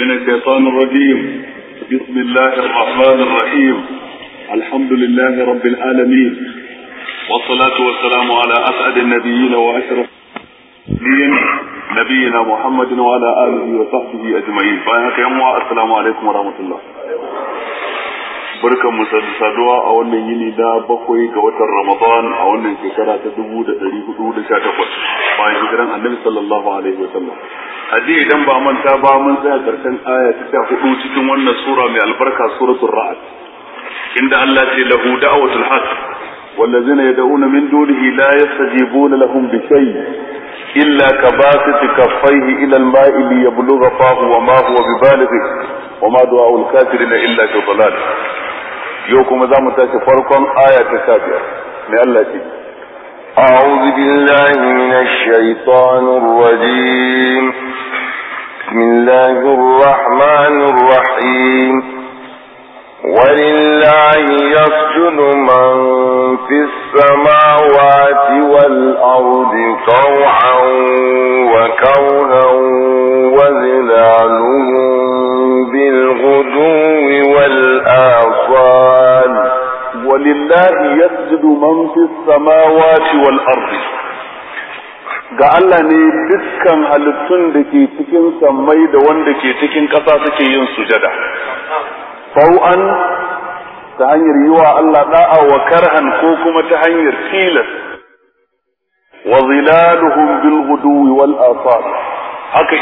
من الشيطان الرجيم بسم الله الرحمن الرحيم الحمد لله رب العالمين والصلاة والسلام على أسعد النبيين وأشرف نبينا محمد وعلى آله وصحبه أجمعين فأنا السلام عليكم ورحمة الله barkan mu saduwa a wannan yini da bakwai ga watan Ramadan a wannan shekara ta dubu da ɗari hudu da sha takwas bayan hijiran annabi sallallahu alaihi wa sallam. Hadi idan ba manta ba mun tsaya karshen aya ta sha hudu cikin wannan sura mai albarka suratul Ra'd. Inda Allah ce lahu da'watul haqq والذين يدعون من دونه لا يستجيبون لهم بشيء إلا كباسط كفيه إلى الماء ليبلغ فاه وما هو ببالغه وما دعاء الكافرين إلا في ضلال yau kuma za mu tashi farkon aya ta sha biyar mai Allah ce أعوذ بالله من الشيطان الرجيم بسم الله الرحمن الرحيم ولله يسجد من في السماوات والأرض طوعا وكونا وذلالهم بالغدو والآصال ولله يسجد من في السماوات والأرض ga Allah ne dukkan halittun da ke cikin sammai da wanda ke cikin suke yin sujada sau'an ta hanyar yi wa Allah da'a wa karhan ko kuma ta hanyar tilas wa zilaluhum bil ghuduwi wal asar haka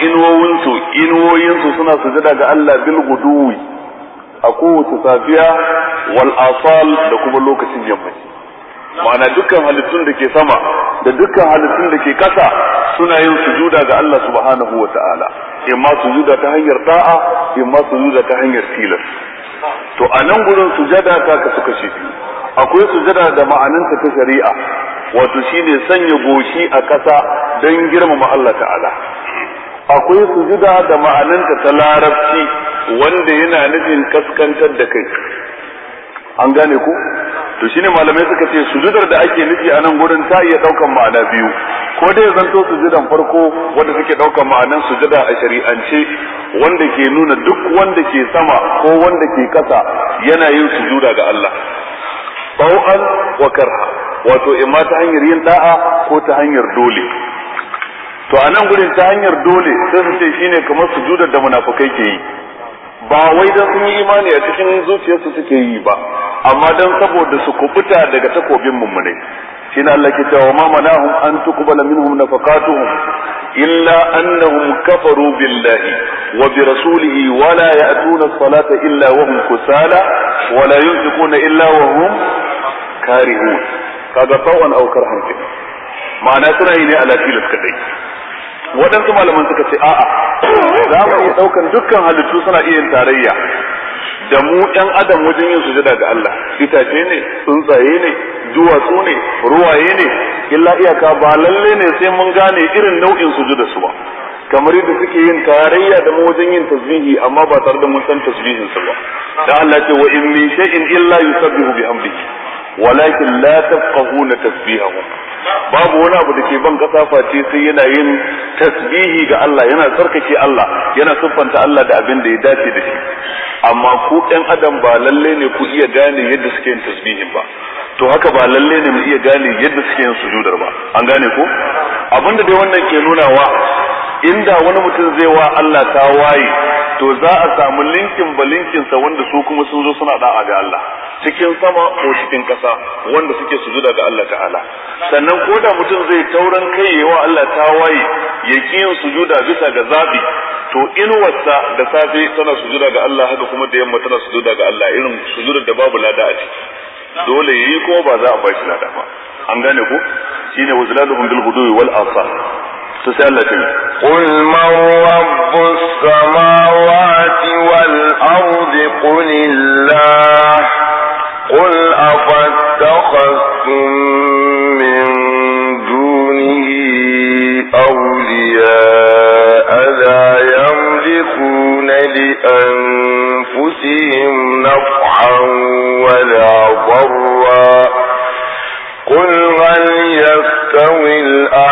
inuwoyinsu suna sujada ga Allah bil ghuduwi a kowace safiya wal asal da kuma lokacin yammaci ma'ana dukkan halittun da ke sama da dukkan halittun da ke kasa suna yin sujuda ga Allah subhanahu wa ta'ala imma sujuda ta hanyar da'a imma sujuda ta hanyar tilas to a nan gudun sujada ta kasu kashi biyu akwai sujada da ma'ananta ta shari'a wato shine sanya goshi a ƙasa don girmama Allah ta'ala akwai sujada da ma'ananta ta larabci wanda yana nufin kaskantar da kai an gane ku to shine malamai suka ce sujudar da ake nufi a nan gurin ta iya daukan ma'ana biyu ko dai zanto sujudan farko wanda suke ɗaukar ma'anan sujada a shari'ance wanda ke nuna duk wanda ke sama ko wanda ke ƙasa yana yin sujuda ga Allah tau'an wa karha wato imma ta hanyar yin da'a ko ta hanyar dole to a nan gurin ta hanyar dole sai su ce shine kamar sujudar da munafukai ke yi ba wai dan sun yi imani a cikin zuciyarsu suke yi ba amma dan saboda su kubuta daga takobin mummunai shine Allah ke cewa ma manahum an tuqbala minhum nafaqatuhum illa annahum kafaru billahi wa bi rasulihi wa la ya'tuna as-salata illa wa hum kusala wa la yunfiquna illa wa hum karihun kaga tawan aw karhan ma'ana suna yi ne ala tilas kadai waɗansu malaman suka ce a'a za mu iya ɗaukan dukkan halittu suna iya yin tarayya da mu ɗan adam wajen yin sujada ga Allah itace ne tsuntsaye ne duwatsu ne ruwaye ne illa iyaka ba lalle ne sai mun gane irin nau'in sujada su ba kamar yadda suke yin tarayya da mu wajen yin tasbihi amma ba tare da mun san tasbihin su ba da Allah ce wa in min shay'in illa yusabbihu bihamdihi walakin la tafqahuna tasbihahum babu wani abu da ke ban kasa face sai yana yin tasbihi ga Allah yana tsarkake Allah yana siffanta Allah da abin da ya dace da shi amma ku ɗan adam ba lalle ne ku iya gane yadda suke yin tasbihin ba to haka ba lalle ne mu iya gane yadda suke yin sujudar ba an gane ko abinda dai wannan ke nunawa inda wani mutum zai wa Allah ta waye to za a samu linkin ba linkin sa wanda su kuma sun zo suna da'a ga Allah cikin sama ko cikin kasa wanda suke sujuda ga Allah ta'ala sannan ko da mutum zai tauran kai ya wa Allah ta waye ya yin sujuda bisa ga zabi to inuwarsa da safe tana sujuda ga Allah haka kuma da yamma tana sujuda ga Allah irin sujudar da babu lada a ciki dole yayi ko ba za a ba shi lada ba an gane ko shine wazladuhum bil hudu wal asar تسألتي قل من رب السماوات والأرض قل الله قل أفتخذتم من دونه أولياء لا يملكون لأنفسهم نفعا ولا ضرا قل هل يستوي الأعلى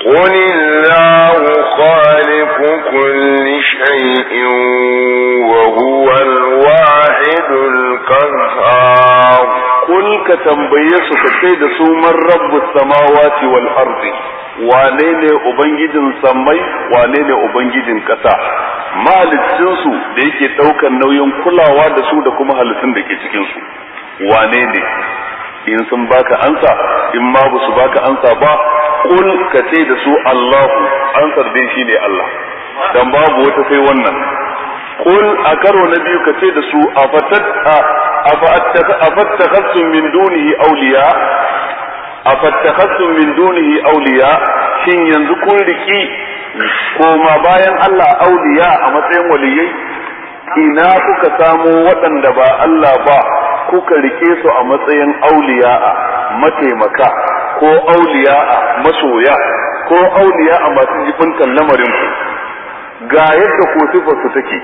قل الله ka كل شيء وهو الواحد القهار قل كتنبيه wane ne ubangijin sammai wane ne ubangijin ƙasa mahalicinsu da yake ɗaukar nauyin kulawa da su da kuma halittun da ke cikinsu wane ne in sun baka ansa in ma ba su baka ansa ba kul ka ce da su Allahu ansar din shine Allah dan babu wata sai wannan kul a karo na biyu ka ce da su a afattakhasum min dunihi awliya shin yanzu kun riki koma bayan Allah auliya a matsayin waliyai ina kuka samu waɗanda ba Allah ba kuka rike su a matsayin auliya'a mataimaka ko auliya'a masoya ko auliya'a masu jibintan lamarin ku ga yadda ko sifar su take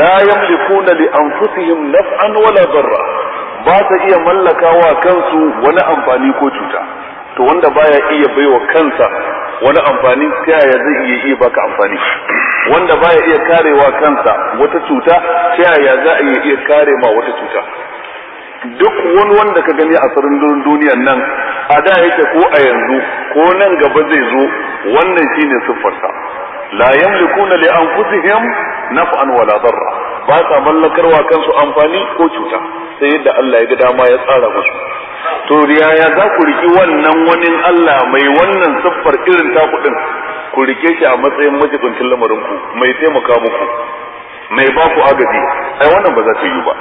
la yamlikuna li anfusihim naf'an wala darra ba ta iya mallaka wa kansu wani amfani ko cuta to wanda baya iya baiwa kansa wani amfani ta yaya zai iya iya baka amfani wanda baya iya karewa kansa wata cuta ta yaya za a iya iya kare ma wata cuta duk wani wanda ka gani a sarin duniyan nan a da yake ko a yanzu ko nan gaba zai zo wannan shine siffarsa la yamlikuna li anfusihim naf'an wala darra ba sa mallakarwa kansu amfani ko cuta sai yadda Allah ya ga dama ya tsara musu to yaya za ku riki wannan wani Allah mai wannan siffar irin ta kudin ku rike shi a matsayin majibincin lamarin ku mai taimaka muku mai ba ku agaji ai wannan ba za ta yi ba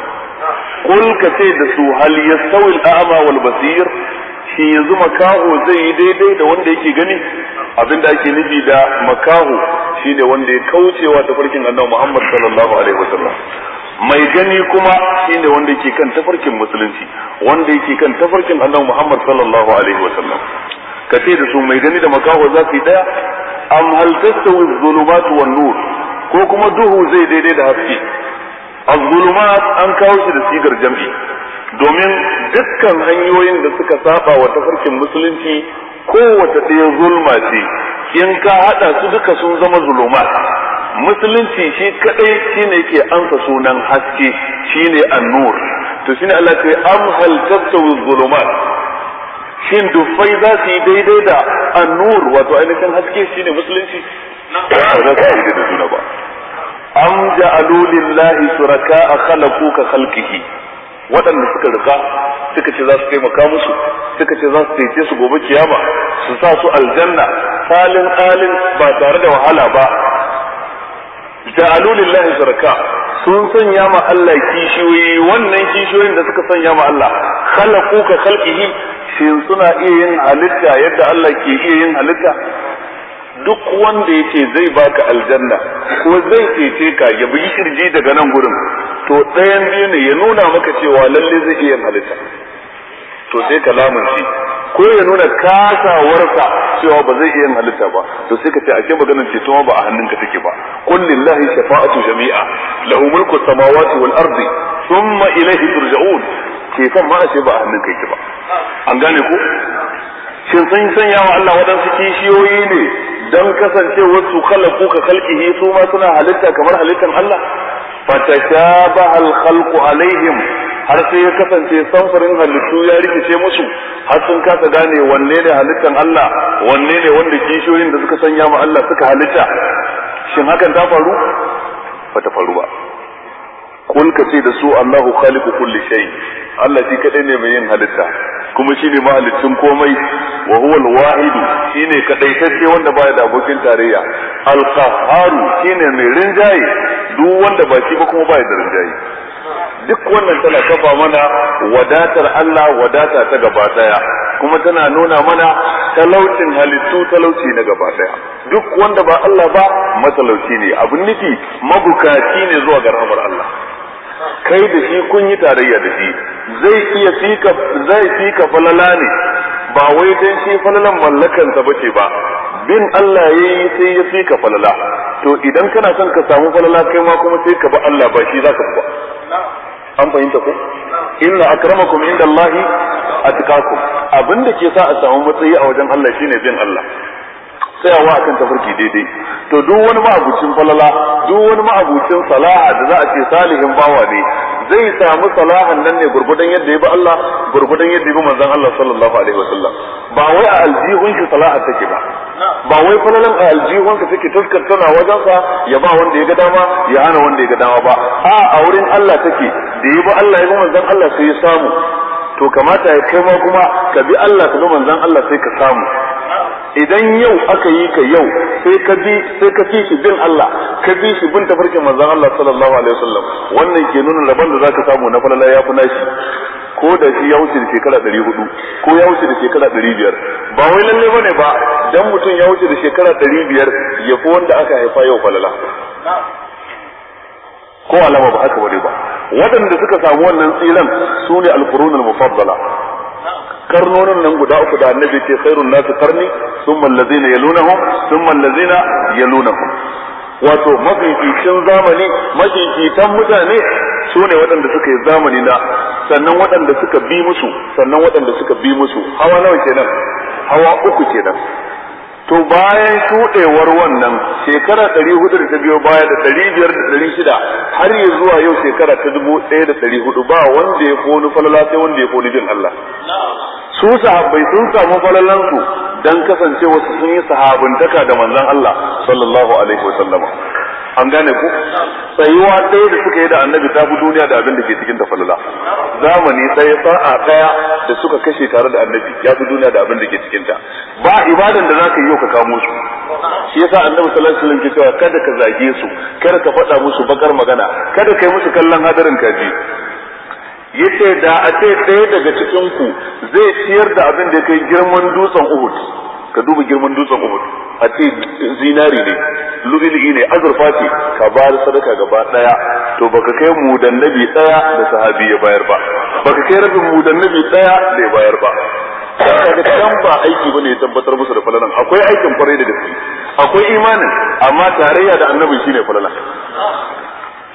kul ka ce da su hal yastawi al-a'ma wal basir shi yanzu makaho zai yi daidai da wanda yake gani abinda ake nufi da makaho shine wanda ya kaucewa tafarkin annabi Muhammad sallallahu alaihi wasallam mai gani kuma shine wanda yake kan tafarkin musulunci wanda yake kan tafarkin annabi Muhammad sallallahu alaihi wasallam ka ce da su mai gani da makaho za su yi daya am hal tastawi adh-dhulumat wan nur ko kuma duhu zai daidai da haske az an kawo shi da sigar jam'i domin dukkan hanyoyin da suka saba wa tafarkin musulunci wata ɗaya zulma ce in ka hada su duka sun zama zuluma musulunci shi kadai shine ke ansa sunan haske shine annur to shine Allah ya am hal tasawu zulumat shin dufai za su yi daidai da annur wato ainihin haske shine musulunci ba za da ba am ja'alu lillahi a khalaqu ka khalqihi waɗanda suka rika suka ce za su taimaka musu suka ce za su taice su gobe kiyama su sa su aljanna halin halin ba tare da wahala ba ja'alu lillahi shuraka sun sanya ma Allah kishiyoyi wannan kishiyoyin da suka sanya ma Allah khalaqu ka khalqihi shin suna iya yin halitta yadda Allah ke iya yin halitta duk wanda yake zai baka aljanna ko zai cece ka ya bugi kirji daga nan gurin to ɗayan biyu ne ya nuna maka cewa lalle zai iya halitta to sai ka lamunci ko ya nuna kasawarsa cewa ba zai iya halitta ba to sai ka ce ake maganar ceto ma ba a hannunka take ba qul lillahi shafa'atu jami'a lahu mulku samawati wal ardi thumma ilayhi turja'un ke san ma ce ba a hannunka yake ba an gane ko shin sun sanya wa Allah waɗansu kishiyoyi ne Don kasancewar su khalaqu ka khalqihi su ma suna halitta kamar halittar Allah fatashabaha al-khalqu alaihim har sai ya kasance samfurin halittu ya rikice musu har sun kasa gane wanne ne halittan Allah wanne ne wanda kishiyoyin da suka sanya ma Allah suka halitta shin hakan ta faru ba ta faru ba kun ka ce da su Allahu khaliqu kulli shay Allah shi kadai ne mai yin halitta kuma shine mahalicin komai wa huwa al-wahid shine kadaitacce wanda baya da abokin tarayya al-qahhar shine mai rinjaye duk wanda ba shi ba kuma baya da rinjaye duk wannan tana kafa mana wadatar Allah wadata ta gaba daya kuma tana nuna mana talaucin halittu talauci na gaba daya duk wanda ba Allah ba matalauci ne abin nufi mabukaci ne zuwa ga Allah kai da shi kun yi tarayya da shi zai iya fika zai fika falala ne ba wai dan shi falalan mallakansa bace ba bin Allah yayi sai ya fika falala to idan kana son ka samu falala kai ma kuma sai ka ba Allah ba shi zaka ba an fahimta ko inna akramakum inda Allah atqakum abinda ke sa a samu matsayi a wajen Allah shine bin Allah tsayawa akan tafarki daidai to duk wani ma'abucin falala duk wani ma'abucin salaha da za a ce salihin bawa ne zai samu salahan nan ne gurgudan yadda ya bi Allah gurgudan yadda ya bi manzon Allah sallallahu alaihi wasallam ba wai a aljihun shi salaha take ba ba wai falalan a aljihun ka take tuskar tana wajen sa ya ba wanda ya ga dama ya hana wanda ya ga dama ba a a wurin Allah take da ya bi Allah ya bi manzon Allah sai ya samu to kamata ya kai ma kuma ka bi Allah ka bi manzon Allah sai ka samu idan yau aka yi ka yau sai ka bi sai ka fi shi bin Allah ka bi shi bin tafarkin manzon Allah sallallahu alaihi wasallam wannan ke nuna rabon da zaka samu na falala ya fi nashi ko da shi ya wuce da shekara 400 hudu ko ya wuce da shekara 500 biyar ba wai lalle bane ba dan mutum ya wuce da shekara 500 biyar ya fi wanda aka haifa yau falala ko alama ba haka bane ba waɗanda suka samu wannan tsiran su ne alfurunul mufaddala karnonin nan guda uku da annabi ce khairun nasu karni sun allazina yalunahum thumma allazina yalunahum wato mafificin zamani mafificin mutane su ne waɗanda suka yi zamani na sannan waɗanda suka bi musu sannan waɗanda suka bi musu hawa nawa kenan hawa uku kenan to bayan shuɗewar wannan shekara ɗari hudu da ta biyo baya da ɗari biyar da ɗari shida har yi zuwa yau shekara ta dubu ɗaya da ɗari hudu ba wanda ya koni falala sai wanda ya koni bin Allah. Su sahabbai sun samu falalansu don kasancewa sun yi sahabantaka da manzon Allah sallallahu alaihi wa sallama. an gane ku tsayuwa ɗaya da suka yi da annabi ta fi duniya da abin da ke cikin falala zamani ɗaya sa'a ɗaya da suka kashe tare da annabi ya duniya da abin da ke cikin ta ba ibadan da zaka yi ka kamo su shi yasa annabi sallallahu alaihi wasallam ke cewa kada ka zage su kada ka faɗa musu bakar magana kada kai musu kallon hadarin kaji yace da a ce ɗaya daga cikin ku zai ciyar da abin da kai girman dutsen Uhud ka duba girman dutsen uhud a ce zinari ne lu'ili ne azurfa ce ka ba da sadaka gaba daya to baka kai mu da nabi daya da sahabi ya bayar ba baka kai rabin mu da nabi daya da ya bayar ba kaga kan ba aiki bane ya tabbatar musu da falalan akwai aikin kwarai da gaske akwai imanin amma tarayya da annabi shine falalan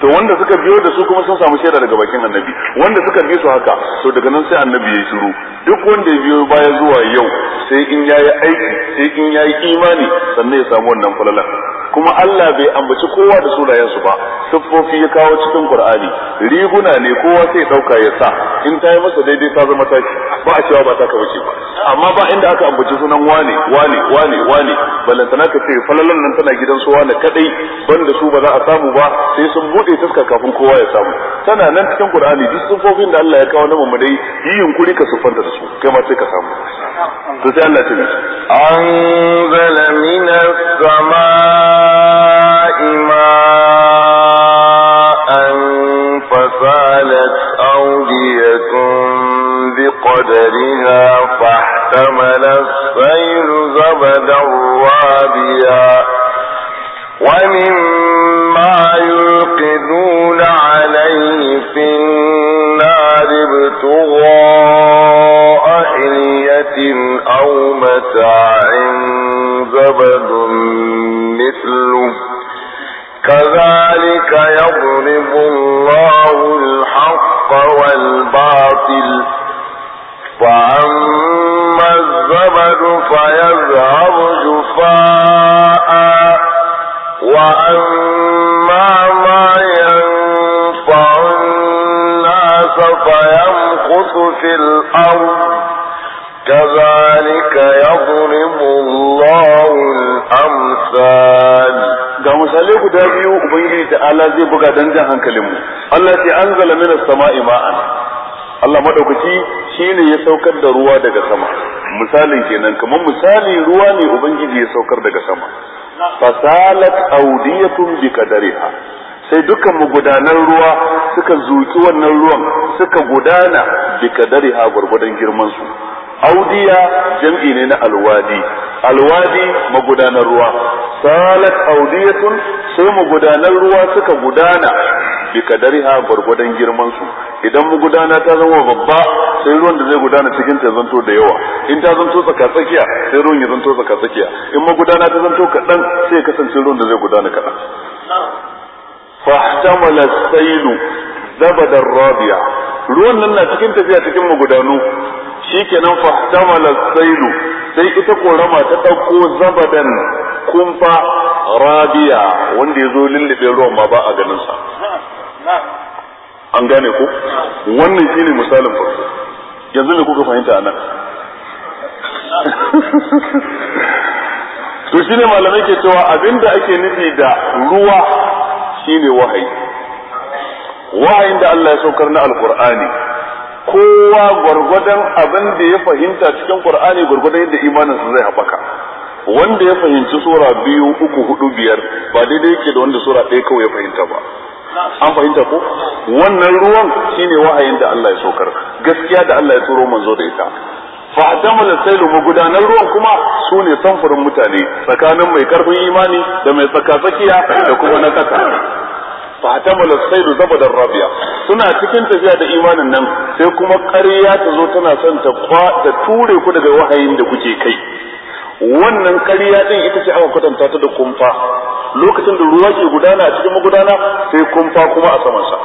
to wanda suka biyo da su kuma sun samu shaida daga bakin annabi wanda suka bi su haka to daga nan sai annabi ya shiru duk wanda ya biyo baya zuwa yau sai in yayi aiki sai in yayi imani sannan ya samu wannan falalan kuma Allah bai ambaci kowa da sunayensu ba siffofi ya kawo cikin Qur'ani riguna ne kowa sai dauka ya sa in ta yi masa daidai ta zama taki ba a cewa ba ta kawo ce ba amma ba inda aka ambaci sunan wane wane wane wane balantana ka ce falalan nan tana gidan su wane kadai banda su ba za a samu ba sai sun bude taska kafin kowa ya samu tana nan cikin Qur'ani duk siffofin da Allah ya kawo na mamadai yi yunkuri ka siffanta da su kai ma sai ka samu to sai Allah ya ce anzala minas بقدرها فاحتمل السيل زبدا رابيا ومما يلقدون عليه في النار ابتغاء حلية أو متاع زبد مثله كذلك يضرب الله الحق والباطل فأما الزبد فيذهب جفاء وأما ما ينفع الناس فيمخث في الأرض كذلك يضرب الله الأمثال ga misalai guda biyu ubangiji ta ala zai buga dan jan hankalinmu Allah ce anzala minas sama'i ma'an Allah madaukaki shine ya saukar da ruwa daga sama misalin kenan kamar misali ruwa ne ubangiji ya saukar daga sama fasalat awdiyatun bi qadariha sai dukkan magudanan ruwa suka zuki wannan ruwan suka gudana bi qadariha gurgudan girman su audiya jam'i ne na alwadi alwadi magudanar ruwa salat audiyatun sai magudanan ruwa suka gudana bi kadariha gwargwadon girman su idan gudana ta zama babba sai ruwan da zai gudana cikin ta zanto da yawa in ta zanto tsaka tsakiya sai ruwan ya zanto tsaka tsakiya in magudana ta zanto kaɗan sai kasance ruwan da zai gudana kaɗan fahtamala sailu zabadar rabiya ruwan nan na cikin tafiya cikin magudanu shikenan fahtamala sailu sai ita korama ta ɗauko zabadan kumfa rabiya wanda ya zo lullube ruwan ma ba a ganin sa an gane ko wannan shine misalin farko yanzu ne kuka fahimta anan to shine malamai ke cewa abinda ake nufi da ruwa shine wahayi wahayin da Allah ya saukar na alkur'ani kowa gwargwadon abin da ya fahimta cikin qur'ani gwargwadon yadda imaninsa zai haɓaka wanda ya fahimci sura biyu uku hudu biyar ba daidai yake da wanda sura ɗaya kawai ya fahimta ba an fahimta ko wannan ruwan shine wahayin da Allah ya sokar gaskiya da Allah ya turo manzo da ita fa adamul sailu magudanar ruwan kuma sune samfurin mutane tsakanin mai karfin imani da mai tsakatsakiya da kuma na kasa fa adamul sailu zabadar rabiya suna cikin tafiya da imanin nan sai kuma ƙarya ta zo tana son ta ture ku daga wahayin da kuke kai wannan kariya din ita ce aka kwatanta ta da kumfa lokacin da ruwa ke gudana a cikin magudana sai kumfa kuma a samansa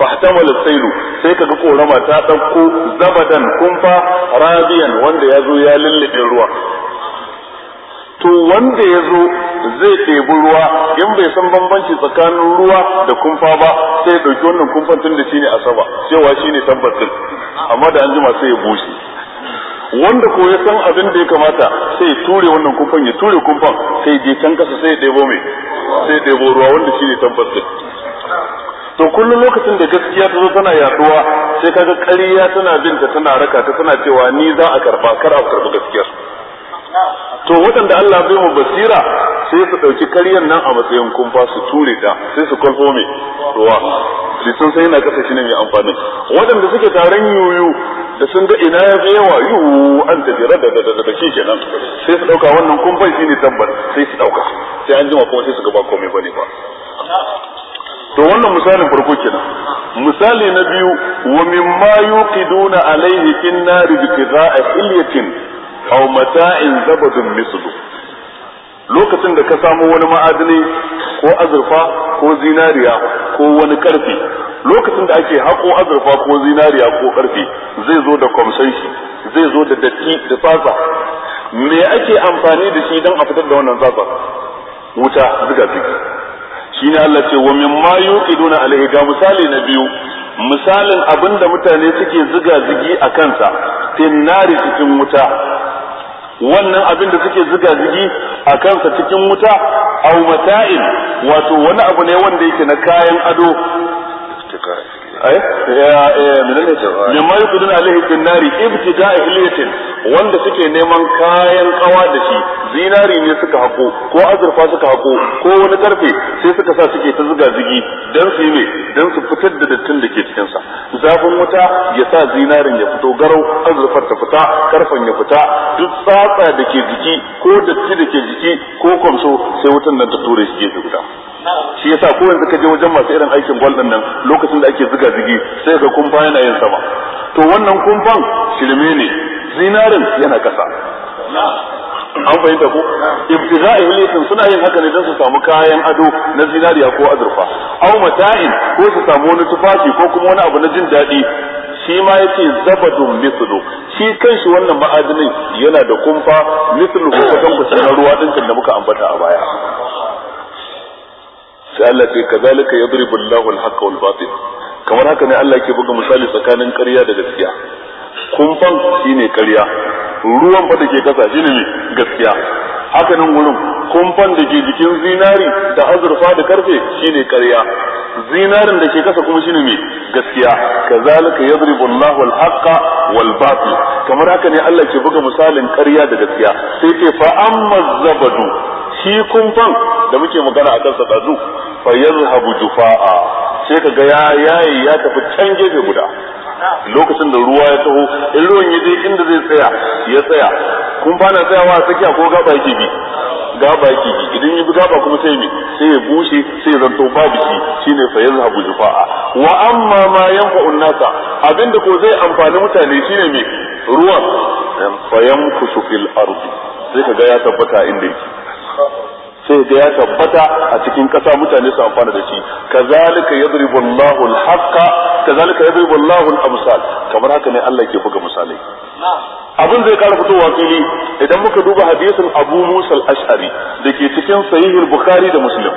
fahtamal sailu sai kaga korama ta dauko zabadan kumfa rabiyan wanda ya zo ya lullube ruwa to wanda ya zo zai ɗebi ruwa in bai san bambanci tsakanin ruwa da kumfa ba sai ya ɗauki wannan kumfan tun da shine asaba cewa shine tabbatin amma da an jima sai ya bushe wanda ko ya san abin da ya kamata sai ya ture wannan kumfan ya ture kumfan sai je can kasa sai ya ɗebo mai sai ya ɗebo ruwa wanda shi ne tabbas to kullum lokacin da gaskiya ta zo tana yaduwa sai kaga ƙarya tana binta tana raka ta tana cewa ni za a karba kar a karba gaskiyar to waɗanda Allah bai mu basira sai su ɗauki karyar nan a matsayin kumfa su ture ta sai su kwalfo mai ruwa shi sun sai yana kasa shi ne mai amfani waɗanda suke taron yoyo da sun ga ina ya yawa yiwu an tafi da da da shi kenan sai su ɗauka wannan kumfan shi ne tabbar sai su ɗauka sai an jima kuma sai su gaba komai ba ne ba to wannan misalin farko kenan misali na biyu wa mimma yuqiduna alayhi fin nari bi qida'a aw mata'in zabadun mislu lokacin da ka samu wani ma'adani ko azurfa ko zinariya ko wani karfe lokacin da ake haƙo azurfa ko zinariya ko karfe zai zo da shi zai zo da datti da tsatsa me ake amfani da shi don a fitar da wannan tsatsa wuta zuga zugi shi ne Allah ce wa min ma yuqiduna alaihi ga misali na biyu misalin abinda mutane suke zuga zigi a kansa tinnari cikin wuta wannan abin da suke zuga zugi a kansa cikin wuta a mata'in wato wani abu ne wanda yake na kayan ado Eh? Eh, mimma kudin alaihi bin nari ibtida ihliyatin wanda suke neman kayan kawa da shi zinari ne suka hako ko azurfa suka hako ko wani karfe sai suka sa suke ta zuga zigi dan su yi dan su fitar da dattin da ke cikin zafin wuta ya sa zinarin ya fito garau azurfar ta fita karfen ya fita duk tsatsa da ke jiki ko datti da ke jiki ko kwamso sai wutan nan ta ture shi gefe guda shi yasa ko yanzu ka je wajen masu irin aikin gwal nan lokacin da ake ziga zigi sai ka kumfa yana yin sama to wannan kumfan shirme ne zinarin yana kasa an fahimta ko ibtiza'i hulisin suna yin haka ne don su samu kayan ado na zinariya ko azurfa aw mata'in ko su samu wani tufafi ko kuma wani abu na jin daɗi shi ma yace zabadun mislu shi kanshi wannan ma'adinin yana da kumfa mislu ko kusan kusan ruwa din da muka ambata a baya sai Allah ce kazalika yadribu Allahu al-haqqa wal batil kamar haka ne Allah ke buga misali tsakanin ƙarya da gaskiya kumfan shi ne ƙarya ruwan fa da ke kasa shine ne gaskiya haka nan gurin kumfan da ke jikin zinari da azurfa da karfe shi ne ƙarya zinarin da ke kasa kuma shine me gaskiya kazalika yadribu Allahu al-haqqa wal batil kamar haka ne Allah ke buga misalin ƙarya da gaskiya sai ce fa amma zabadu shi kumfan da muke magana a kansa ɗazu fa yazhabu jufa'a sai ka ya yayi ya tafi can gefe guda lokacin da ruwa ya taho in ruwan ya je inda zai tsaya ya tsaya kumfa na tsayawa tsakiya ko gaba yake bi gaba yake bi idan yi bi gaba kuma sai mi sai ya bushe sai ya zanto babu shi shine fa yazhabu jufa'a wa amma ma yanfa'u nasa abinda ko zai amfani mutane shine me ruwan fa yamkusu fil ardi sai ka ya tabbata inda yake sai da ya tabbata a cikin ƙasa mutane su amfana da shi kazalika yadribu Allahu al-haqqa kazalika yadribu Allahu al-amsal kamar haka ne Allah ke buga misalai abin zai kara fitowa fili idan muka duba hadisin Abu Musa al-Ash'ari dake cikin sahih al-Bukhari da Muslim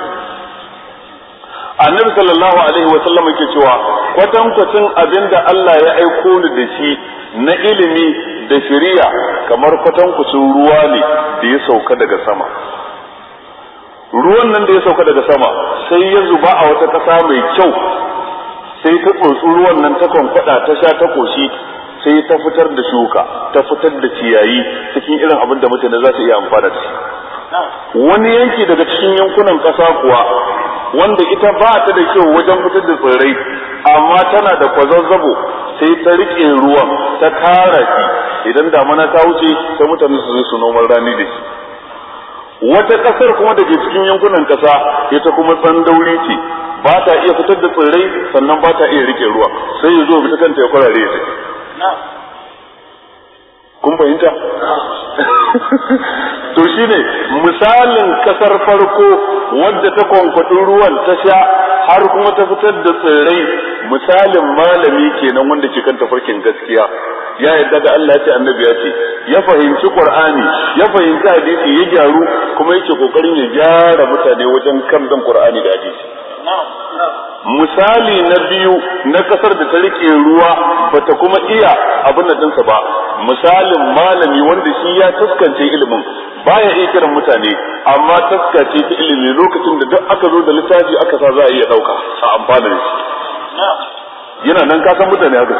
Annabi sallallahu alaihi wa sallam yake cewa kwatankwacin abinda Allah ya aiko ni da shi na ilimi da shari'a kamar kwatankwacin ruwa ne da ya sauka daga sama ruwan nan da ya sauka daga sama sai ya zuba a wata ƙasa mai kyau sai ta tsotsi ruwan nan ta kwamfada ta sha ta koshi sai ta fitar da shuka ta fitar da ciyayi cikin irin abin da mutane za su iya amfana da shi wani yanki daga cikin yankunan ƙasa kuwa wanda ita ba ta da kyau wajen fitar da tsirrai amma tana da kwazazzabo sai ta riƙe ruwan ta kara shi idan damana ta wuce sai mutane su zo su noman rani da shi wata kasar kuma da ke cikin yankunan kasa ita kuma tsandauri ce ba ta iya fitar da tsirrai sannan ba ta iya rike ruwa sai ya zo bi ta kanta ya kwarare ya kun fahimta to shine misalin kasar farko wadda ta kwankwadin ruwan ta sha har kuma ta fitar da tsirrai misalin malami kenan wanda ke kan farkin gaskiya ya yadda da Allah ce annabi ya ce ya fahimci qur'ani ya fahimci hadisi ya gyaru kuma yake kokarin ya gyara mutane wajen kan dan qur'ani da hadisi misali na biyu na kasar da ta rike ruwa bata kuma iya abin da dinsa ba misalin malami wanda shi ya taskance ilimin baya iya kiran mutane amma taskace ta ilimi lokacin da duk aka zo da littafi aka sa za a iya dauka a amfana da shi yana nan ka san mutane haka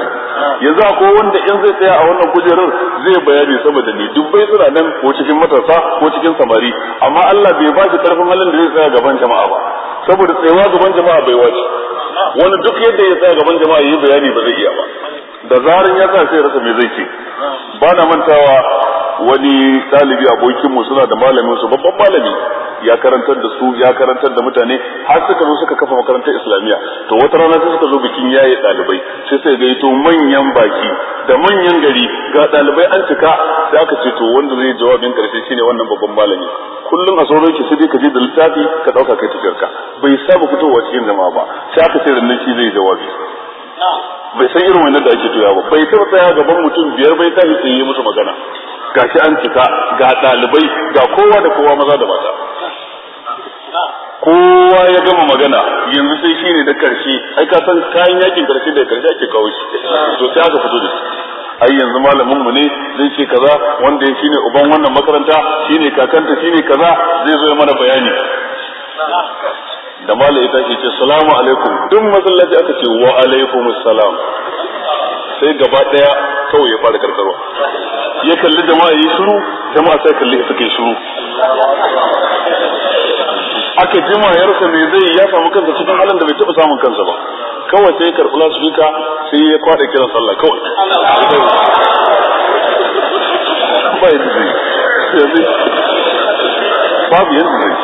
yanzu ko wanda in zai tsaya a wannan kujerar zai bayani saboda da ni dubbai suna nan ko cikin matasa ko cikin samari amma Allah bai ba shi karfin halin da zai tsaya gaban jama'a ba saboda tsayawa gaban jama'a bai wace wani duk yadda ya tsaya gaban jama'a yayi bayani ba zai iya ba da zaran ya sa sai rasa me zai ce ba na mantawa wani ɗalibi abokinmu suna da malamin su babban malami ya karantar da su ya karantar da mutane har suka zo suka kafa makarantar islamiyya to wata rana sai suka zo bikin yaye ɗalibai sai sai to manyan baki da manyan gari ga ɗalibai an cika sai aka ce to wanda zai jawabin karshe shine wannan babban malami kullum a sauran ki sai ka je da littafi ka dauka kai tafiyarka bai saba fitowa cikin jama'a ba sai aka ce rannan shi zai jawabi bai san irin wannan da ake tuya ba bai taba tsaya gaban mutum biyar bai ta sai yi musu magana Ga shi an cika ga ɗalibai ga kowa da kowa maza da mata kowa ya gama magana yanzu sai shi ne da karshe ai ka san kayan yakin karshe da karshe ake kawo shi to sai aka fito da shi ai yanzu malamin mu ne zai ce kaza wanda ya shine uban wannan makaranta shine kakanta shine kaza zai zo mana bayani da malai ita ce ce salamu alaikum duk masallaci aka ce wa alaikum salam sai gaba daya kawai ya fara karkarwa ya kalli jama'a yi shiru jama'a sai kalli suke yi aka jima ya rasa me zai ya samu kansa cikin halin da bai taɓa samun kansa ba kawai sai ya karɓi lasfika sai ya kwaɗa kiran sallah kawai ba yi zai babu yadda zai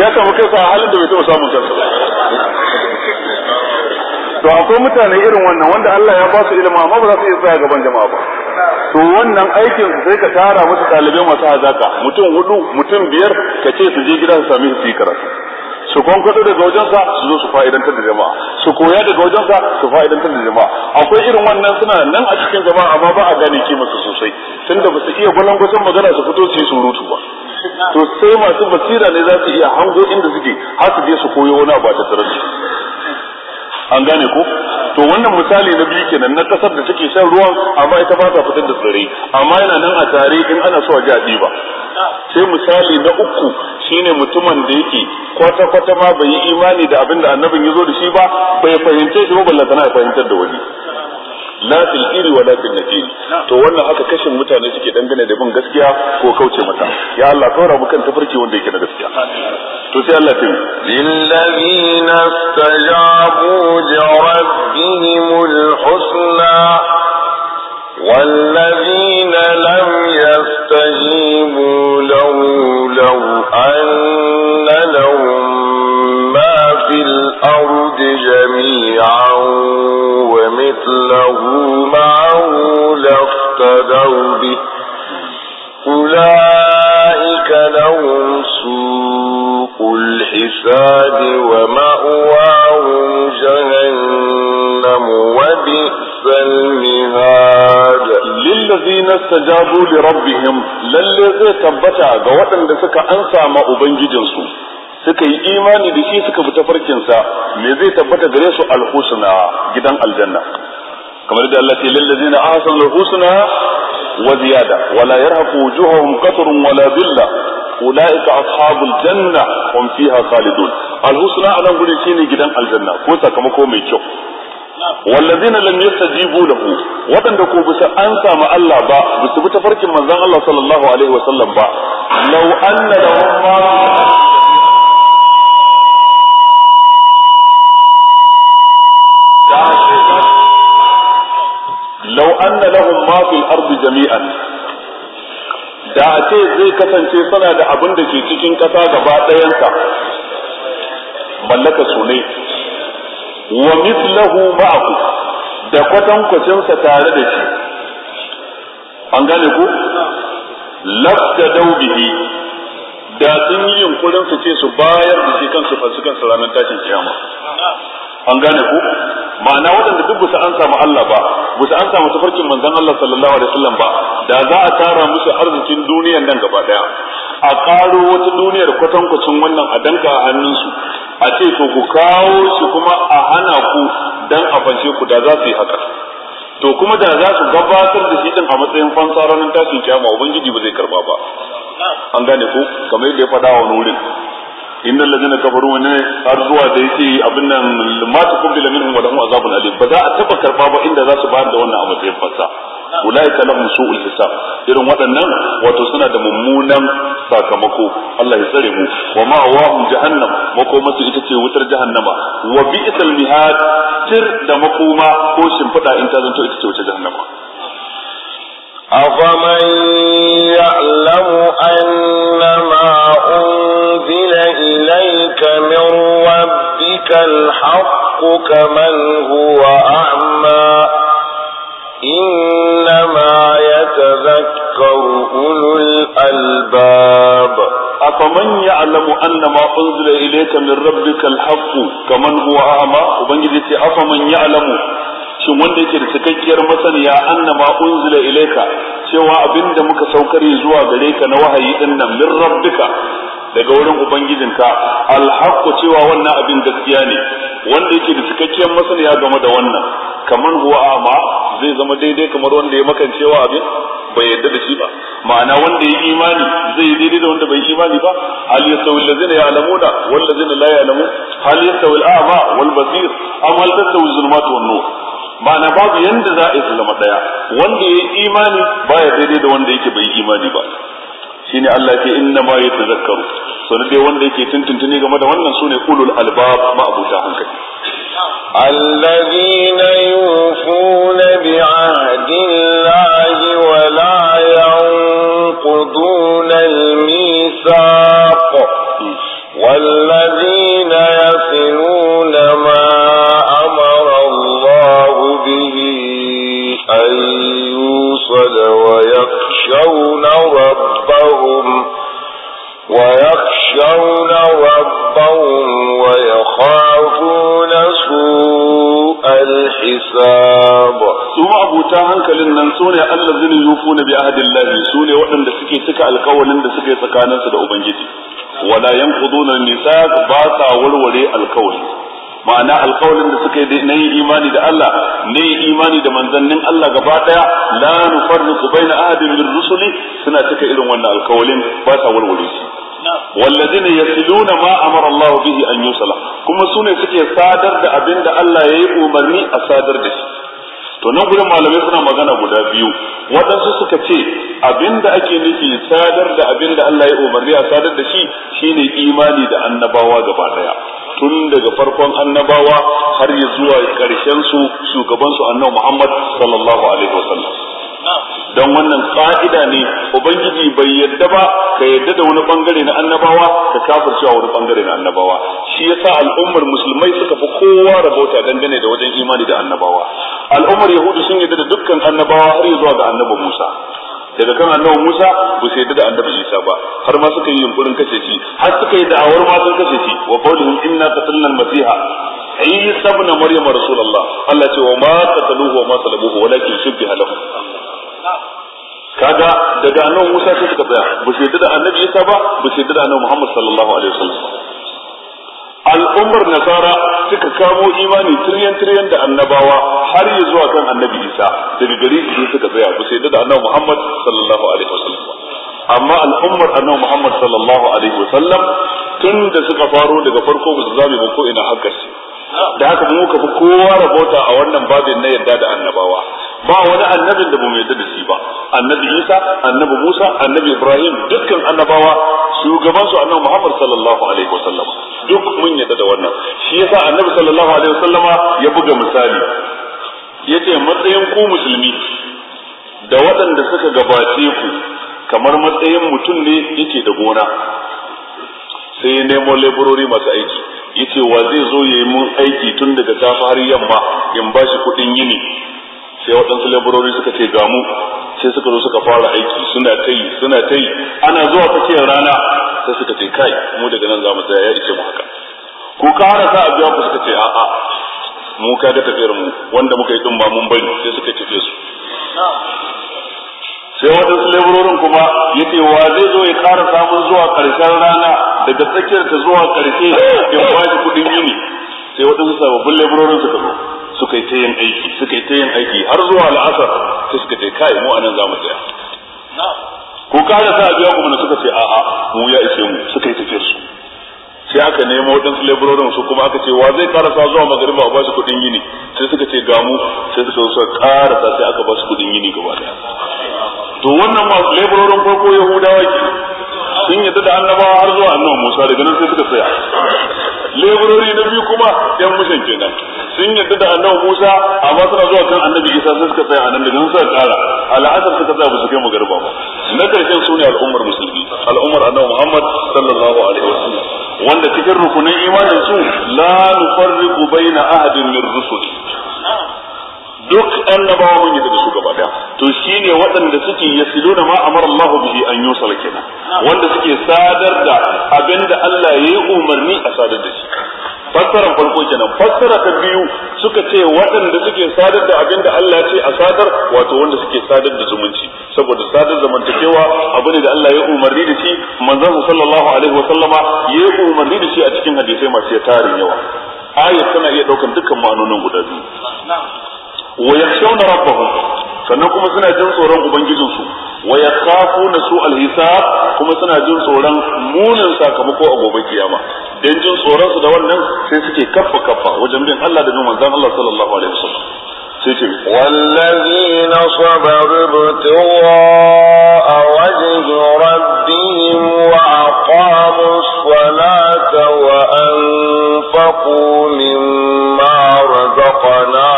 ya samu kansa halin da bai taɓa samun kansa ba to akwai mutane irin wannan wanda Allah ya ba su ilimi amma ba za su iya tsaya gaban jama'a ba to wannan aikin sai ka tara musu ɗalibai masu hazaka mutum hudu mutum biyar ka ce su je gida su sami su yi karatu su kwankwato daga wajensa su zo su fa'idantar da jama'a su koya daga wajensa su fa'idantar da jama'a akwai irin wannan suna nan a cikin jama'a amma ba a gane kimansu sosai tunda ba su iya gwalangwasan magana su fito su yi surutu ba to sai masu basira ne za su iya hango inda suke har su je su koyo wani abu a tattare an gane ko to wannan misali na biyu kenan na kasar da take shan ruwan amma ita ba ta fitar da tsare amma yana nan a tare in ana so a ji a ɗiba sai misali na uku shine mutumin da yake kwata kwata ma bai yi imani da abinda annabin ya zo da shi ba bai fahimce shi ba balla tana fahimtar da wani la fil iri wa la fil nafil to wannan haka kashin mutane suke dangane da bin gaskiya ko kauce mata ya Allah kawara mu kan tafarki wanda yake na gaskiya to sai Allah tin lil ladina li rabbihimul husna له معه لافتدوا به أولئك لهم سوء الحساب ومأواهم جهنم وبئس المهاد للذين استجابوا لربهم للذين تبتع قوة لسك أنسى ما أبنجدنسوا suka yi imani da shi suka fita farkinsa me zai tabbata gare su alhusna gidan aljanna kamar da Allah ce lillazina ahsanul husna wa ziyada wa la yarhaqu wujuhum qatrun wa wala dhilla ulaika ashabul janna hum fiha khalidun al husna anan gure shine gidan aljanna ko sakamako mai kyau والذين لم يستجيبوا له waɗanda ko bisa an samu Allah ba bisa bi tafarkin manzon Allah sallallahu alaihi wasallam ba law anna lahum ma anna lahum ma fil ardi jami'an da ce zai kasance suna da abin da ke cikin kasa gaba ɗayansa mallaka su ne wa mithlahu ma'ahu da kwatankwacinsa tare da shi an gane ku laftadau bihi da sun yi yunkurin su ce su bayar da shi kansu fasu kansu ranar tashin kiyama an gane ku ma'ana waɗanda duk busa an samu Allah ba busa an samu tafarkin manzon Allah sallallahu alaihi wasallam ba da za a tara musu arzikin duniyar nan gaba daya a karo wata duniyar kwatankwacin wannan a danka a su a ce to ku kawo shi kuma a hana ku dan a ku da za su yi haka to kuma da za su gabatar da shi din a matsayin fansa ranar tashin kiyama ubangiji ba zai karba ba an gane ku kamar yadda ya faɗa wa wurin inna allazina kafaru ne har zuwa da yake abin nan ma tuqbilu minhum wa lahum azabun alim ba za a taba karba ba inda za su ba da wannan a matsayin fasa ulaika lahum su'ul hisab irin waɗannan wato suna da mummunan sakamako Allah ya tsare mu wa ma wahum jahannam makoma su ita ce wutar jahannama wa bi'sal mihad tir da makoma ko shimfida in ta zanto ita ce wutar jahannama أفمن يعلم أنما أنزل إليك من ربك الحق كمن هو أعمى إنما يتذكر أولو الألباب أفمن يعلم أنما أنزل إليك من ربك الحق كمن هو أعمى وبنجد أفمن يعلم shin wanda yake da cikakkiyar masaniya annama unzila ilaika cewa abinda muka saukar zuwa gare ka na wahayi din nan min rabbika daga wurin ubangijinka alhaqqu cewa wannan abin gaskiya ne wanda yake da cikakkiyar masaniya game da wannan kaman huwa ama zai zama daidai kamar wanda ya cewa abin bai yarda da shi ba ma'ana wanda ya imani zai daidai da wanda bai imani ba hal yasawil allazina ya'lamuna wal ladzina la ya'lamun hal yasawil a'ma wal basir am hal tasawil zulmat wan nur ma'ana babu yanda za a yi zama daya wanda ya yi imani baya daidai da wanda yake bai imani ba shine Allah ya inna ma yatazakkaru sanin dai wanda yake tuntuntuni game da wannan sune ulul albab ma abuta hankali alladhina yufuna hisab su abuta hankalin nan su ne allazina na bi ahdillahi su ne waɗanda suke cika alkawalin da suke tsakaninsu da ubangiji wala yanquduna nisa ba sa warware ma'ana alkawalin da suka yi imani da Allah ne imani da manzannin Allah gaba ɗaya, daya la nufarriqu na ahadin min rusuli suna cika irin wannan alkawalin basa sa warware shi wallazina yasluna ma nuna Allah bihi an yusala kuma sune suke sadar da abin da Allah yayi umarni a sadar da shi to nan gurin malamai suna magana guda biyu waɗansu suka ce abinda ake nufi sadar da abinda Allah ya umarni a sadar da shi shine imani da annabawa gaba daya tun daga farkon annabawa har ya zuwa ƙarshen su shugaban su annabi Muhammad sallallahu alaihi wasallam don wannan ka'ida ne ubangiji bai yadda ba ka yadda da wani bangare na annabawa ka cewa wani bangare na annabawa shi yasa al'ummar musulmai suka fi kowa rabota dangane da wajen imani da annabawa al'ummar yahudu sun yadda da dukkan annabawa har zuwa ga annabi Musa daga kan annabi Musa ba su yadda da annabi Isa ba har ma suka yi yunkurin kashe shi har suka yi da'awar ma sun kashe shi wa qawluhum inna qatalna al-masiha Isa ibn Maryam rasulullah Allah ce wa ma qataluhu wa ma salabuhu walakin shubbiha lahu kaga daga nan Musa sai suka tsaya ba su yadda da annabi Isa ba ba su yadda da annabi Muhammad sallallahu alaihi wasallam al'ummar nasara suka kamo imani tiryan tiryan da annabawa har ya zuwa kan annabi Isa daga gari su suka tsaya ba su yadda da annabi Muhammad sallallahu alaihi wasallam amma al'ummar annabi Muhammad sallallahu alaihi wasallam tun da suka faro daga farko ba su zabe ba ko ina haka shi da haka mu ka fi kowa rabota a wannan babin na yadda da annabawa ba wani annabin da mu yadda da shi ba annabi Isa annabi Musa annabi Ibrahim dukkan annabawa shugaban su annabi Muhammad sallallahu alaihi wasallam duk mun yadda da wannan shi yasa annabi sallallahu alaihi wasallama ya buga misali yace matsayin ku musulmi da waɗanda suka gabace ku kamar matsayin mutum ne yake da gona sai ya nemo laborori masu aiki yace wa zai zo ya yi mun aiki tun daga safe har yamma in ba shi kuɗin yini sai waɗansu laborori suka ce ga mu sai suka zo suka fara aiki suna ta yi suna ta yi ana zuwa tsakiyar rana sai suka ce kai mu daga nan za mu tsaya ya ce mu haka ko ka hana sa a biya ku suka ce a'a mu ka ga tafiyar mu wanda muka yi din ba mun bari sai suka tafi su sai waɗansu laborori kuma ce wa zai zo ya kara samun zuwa karshen rana daga tsakiyar ta zuwa karshe in ba shi yini sai wadansu sababbin laborin suka zo suka yi ta yin aiki suka yi ta yin aiki har zuwa al'asar sai suka ce kai mu anan za mu tsaya ko kada sa biya kuma suka ce a'a mu ya ishe mu suka yi tafiyar su sai aka nemo wadansu laborin su kuma aka ce wa zai sa zuwa magariba a bashi kudin yini sai suka ce ga mu sai suka so karasa sai aka basu kudin yini gaba daya to wannan masu laborin farko yahudawa ke sun yadda da annabawa har zuwa annabi Musa daga nan sai suka tsaya laborori na biyu kuma yan mushan kenan sun yadda da annabi Musa amma suna zuwa kan annabi Isa sai suka tsaya annabi daga nan suka kara al'adar suka tsaya ba su kai magarba ba na karshen ne al'ummar musulmi al'ummar annabi Muhammad sallallahu alaihi wasallam wanda cikin rukunin imanin su la nufarriqu baina ahadin min rusul duk annabawa mun yi da su gaba daya to shine waɗanda suke yasiluna ma amara Allah bihi an yusala kenan wanda suke sadar da abinda Allah ya yi umarni a sadar da shi fassara farko kenan fassara ta biyu suka ce waɗanda suke sadar da abinda Allah ya ce a sadar wato wanda suke sadar da zumunci saboda sadar zamantakewa abu ne da Allah ya umarni da shi manzon sallallahu alaihi wa sallama ya umarni da shi a cikin hadisai masu tarin yawa ayat tana iya daukan dukkan ma'anonin guda biyu wa yakhshawna rabbahum sannan kuma suna jin tsoron ubangijin su wa yakhafuna su'al hisab kuma suna jin tsoron munin sakamako a gobe kiyama dan jin tsoron su da wannan sai suke kaffa kaffa wajen bin Allah da bin manzon Allah sallallahu alaihi wasallam والذين صبروا ابتغاء وجه ربهم وأقاموا الصلاة وأنفقوا مما رزقناهم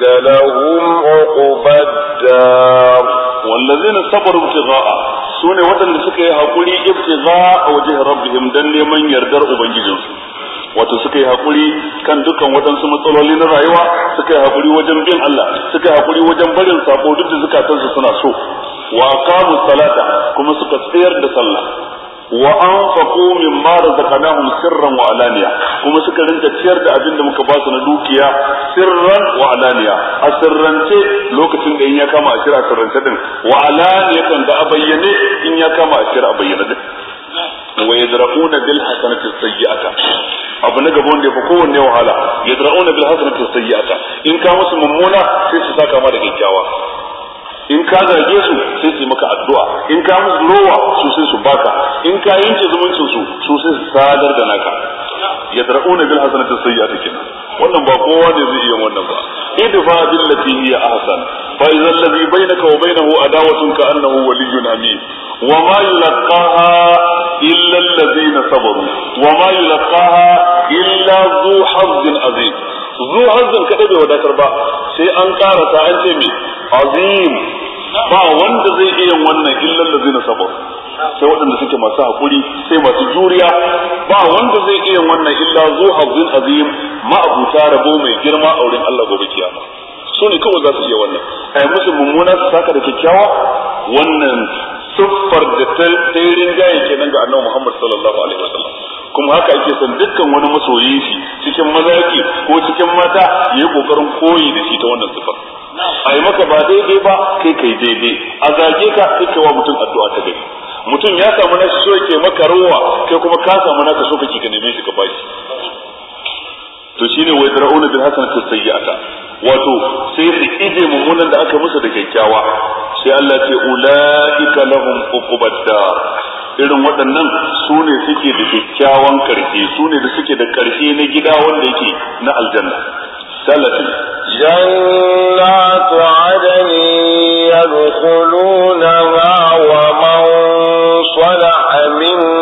أولئك لهم عقبى الدار والذين صبروا ابتغاء سنة وطن سكي هقولي ابتغاء وجه ربهم دن من يردر أبنجزنسو wato suka yi hakuri kan dukkan waɗansu matsaloli na rayuwa suka yi hakuri wajen bin Allah suka yi hakuri wajen barin sako duk da zukatansu suna so wa qamu salata kuma suka tsayar da sallah wa anfaqu mara razaqnahum sirran wa alaniya kuma suka rinka ciyar da abin da muka ba su na dukiya sirran wa alaniya a sirrance lokacin da in ya kama a cira a sirrance din wa kan da a bayyane in ya kama a cira a bayyane din wa yadra'una bil hasanati sayyi'ata abu na gaban da ya fi kowanne wahala yadra'una bil hasanati sayyi'ata in ka musu mummuna sai su saka ma da kyakkyawa in ka zage su sai su yi maka addu'a in ka musu lowa su sai su baka in ka yanke zumuncin su su sai su sadar da naka yadra'una bil hasanati sayyi'ati kenan wannan ba kowa ne zai iya wannan ba idfa billati hiya ahsan fa idza alladhi bainaka wa bainahu adawatun ka annahu waliyyun amin wa ma yulqaha illa alladhina sabaru wa ma yulqaha illa dhu hazzin azim zu hanzin kaɗai bai wadatar ba sai an karasa an ce mai azim ba wanda zai iya wannan illan da zai na sabar sai waɗanda suke masu haƙuri sai masu juriya ba wanda zai iya wannan illa zu hazin azim ma'abuta rabo mai girma a wurin Allah gobe kiyama su ne kawai za su iya wannan ai musu mummuna su saka da kyakkyawa wannan siffar da ta yi rinjaye kenan ga annabi Muhammad sallallahu alaihi wasallam kuma haka ake son dukkan wani masoyi shi cikin maza yake ko cikin mata yayi kokarin koyi da shi ta wannan sifar a yi maka ba daidai ba kai kai daidai a zage ka kai kai wa mutum addu'a ta gari mutum ya samu na so yake maka rawa kai kuma ka samu na ka so kake ka neme shi ka bashi to shine wai da'una bil ta sayyata wato sai su ije mummunan da aka musu da kyakkyawa sai Allah ce ulaika lahum uqubad dar irin waɗannan su ne suke da kyakkyawan karshe su ne da suke da karfi na gida wanda yake na aljanna salatin jannatu adani yadkhuluna wa man salaha min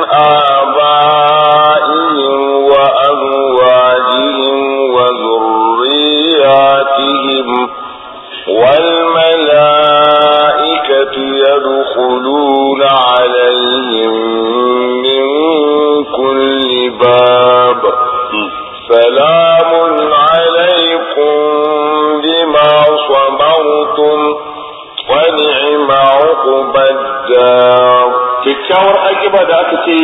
عليهم من كل باب سلام عليكم بما صبرتم ونعم akiba da aka ce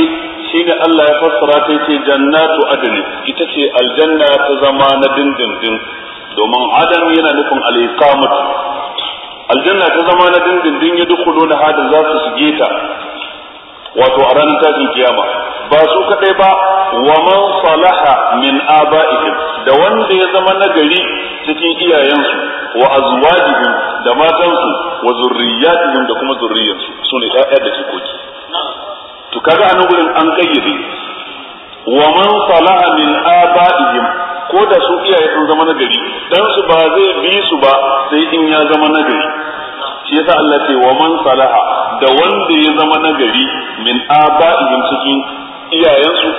shi da Allah ya fassara ta ce jannatu adani ita ce aljanna ta zama na dindindin domin adam yana nufin alƙamatu aljanna ta zama na dindindin ya duk dole hada za su shige ta wato a ranar tashin kiyama ba su kadai ba wa man salaha min aba'ihim da wanda ya zama nagari cikin iyayensu wa azwajihim da matansu wa zurriyatihim da kuma zurriyarsu ne ɗaya da jikoki to kaga anan gurin an kayyade wa man salaha min aba'ihim ko da su iyaye sun zama nagari dan su ba zai bi su ba sai in ya zama nagari shi yasa Allah ce wa man salaha da wanda ya zama nagari min aba'ihim cikin iyayensu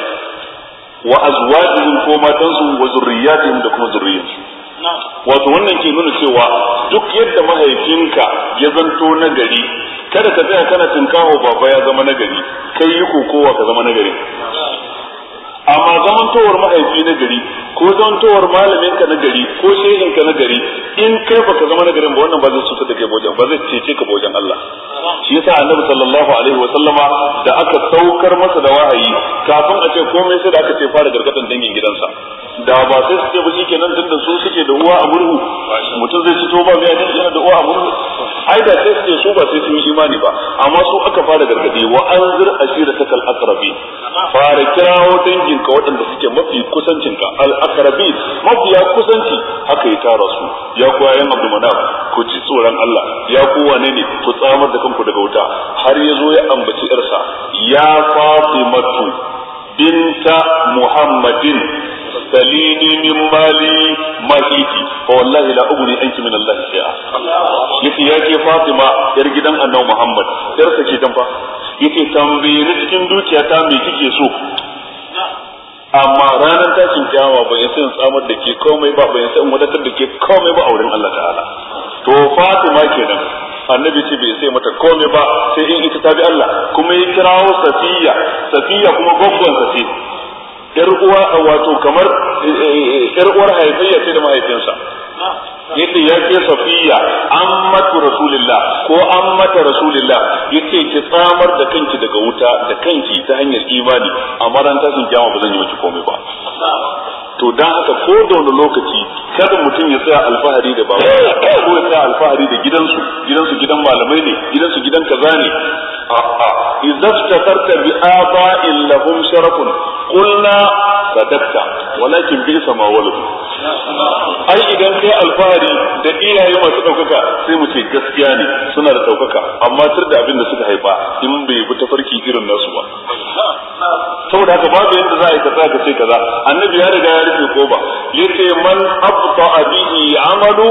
wa azwajihim ko matansu wa zurriyatihim da kuma zurriyansu wato wannan ke nuna cewa duk yadda mahaifinka ya zanto nagari kada ka tsaya kana tinkawo baba ya zama nagari kai yi kokowa ka zama nagari amma zamantowar mahaifi na gari ko zamantowar malamin ka na gari ko shehin ka na gari in kai baka zama na garin ba wannan ba zai cutar da kai bojan ba zai cece ka bojan Allah shi yasa annabi sallallahu alaihi wa sallama da aka saukar masa da wahayi kafin a ce komai sai da aka ce fara gargadan dangin gidansa da ba sai su ce ba shikenan tun su suke da uwa a murhu mutum zai to ba mai yana da uwa a murhu ai da sai su ce su ba sai sun yi imani ba amma su aka fara gargadi wa anzir ashiratakal aqrabi fara kirawo danginka waɗanda suke mafi kusancinka al aqrabi mafiya kusanci haka ya tara su ya ku yayin abdul manaf ku ci tsoron Allah ya ku wane ne ku tsamar da kanku daga wuta har ya zo ya ambaci yarsa ya fatimatu binta muhammadin Dalili min mali ma fa wallahi la ugni anki min Allah shay'a yace ya ke Fatima yar gidan Annabi Muhammad yar sa ke dan fa yace tambayi cikin dukiyata me kike so amma ranar tashin kiyama ba ya san tsamar da ke komai ba ba ya san wadatar da ke komai ba a wurin Allah ta'ala to Fatima kenan annabi ce bai sai mata komai ba sai in ita ta bi Allah kuma ya kirawo Safiya Safiya kuma gwaggon Safiya yar uwa wato kamar eh, eh, eh, yar uwar haifayya ce da mahaifinsa yace ya ke safiya ammatu rasulillah ko ammata rasulillah yace ki tsamar da kanki daga wuta da kanki ta hanyar imani amma ran sun kiyama ba zan yi miki komai ba to dan haka ko da wani lokaci kada mutum ya tsaya alfahari da baba ko ya tsaya alfahari da gidansu gidansu gidan malamai ne gidansu gidan kaza ne a'a idza iftakarta bi aba'in lahum sharafun qulna sadaqta walakin bisa ma waladu ai idan kai alfahari alfahari da iyaye masu ɗaukaka sai mu ce gaskiya ne suna da ɗaukaka amma tur da abin da suka haifa in bai bi ta farki irin nasu ba saboda haka babu yadda za a yi kaza ka ce kaza annabi ya riga ya rufe ko ba yace man abta abihi amalu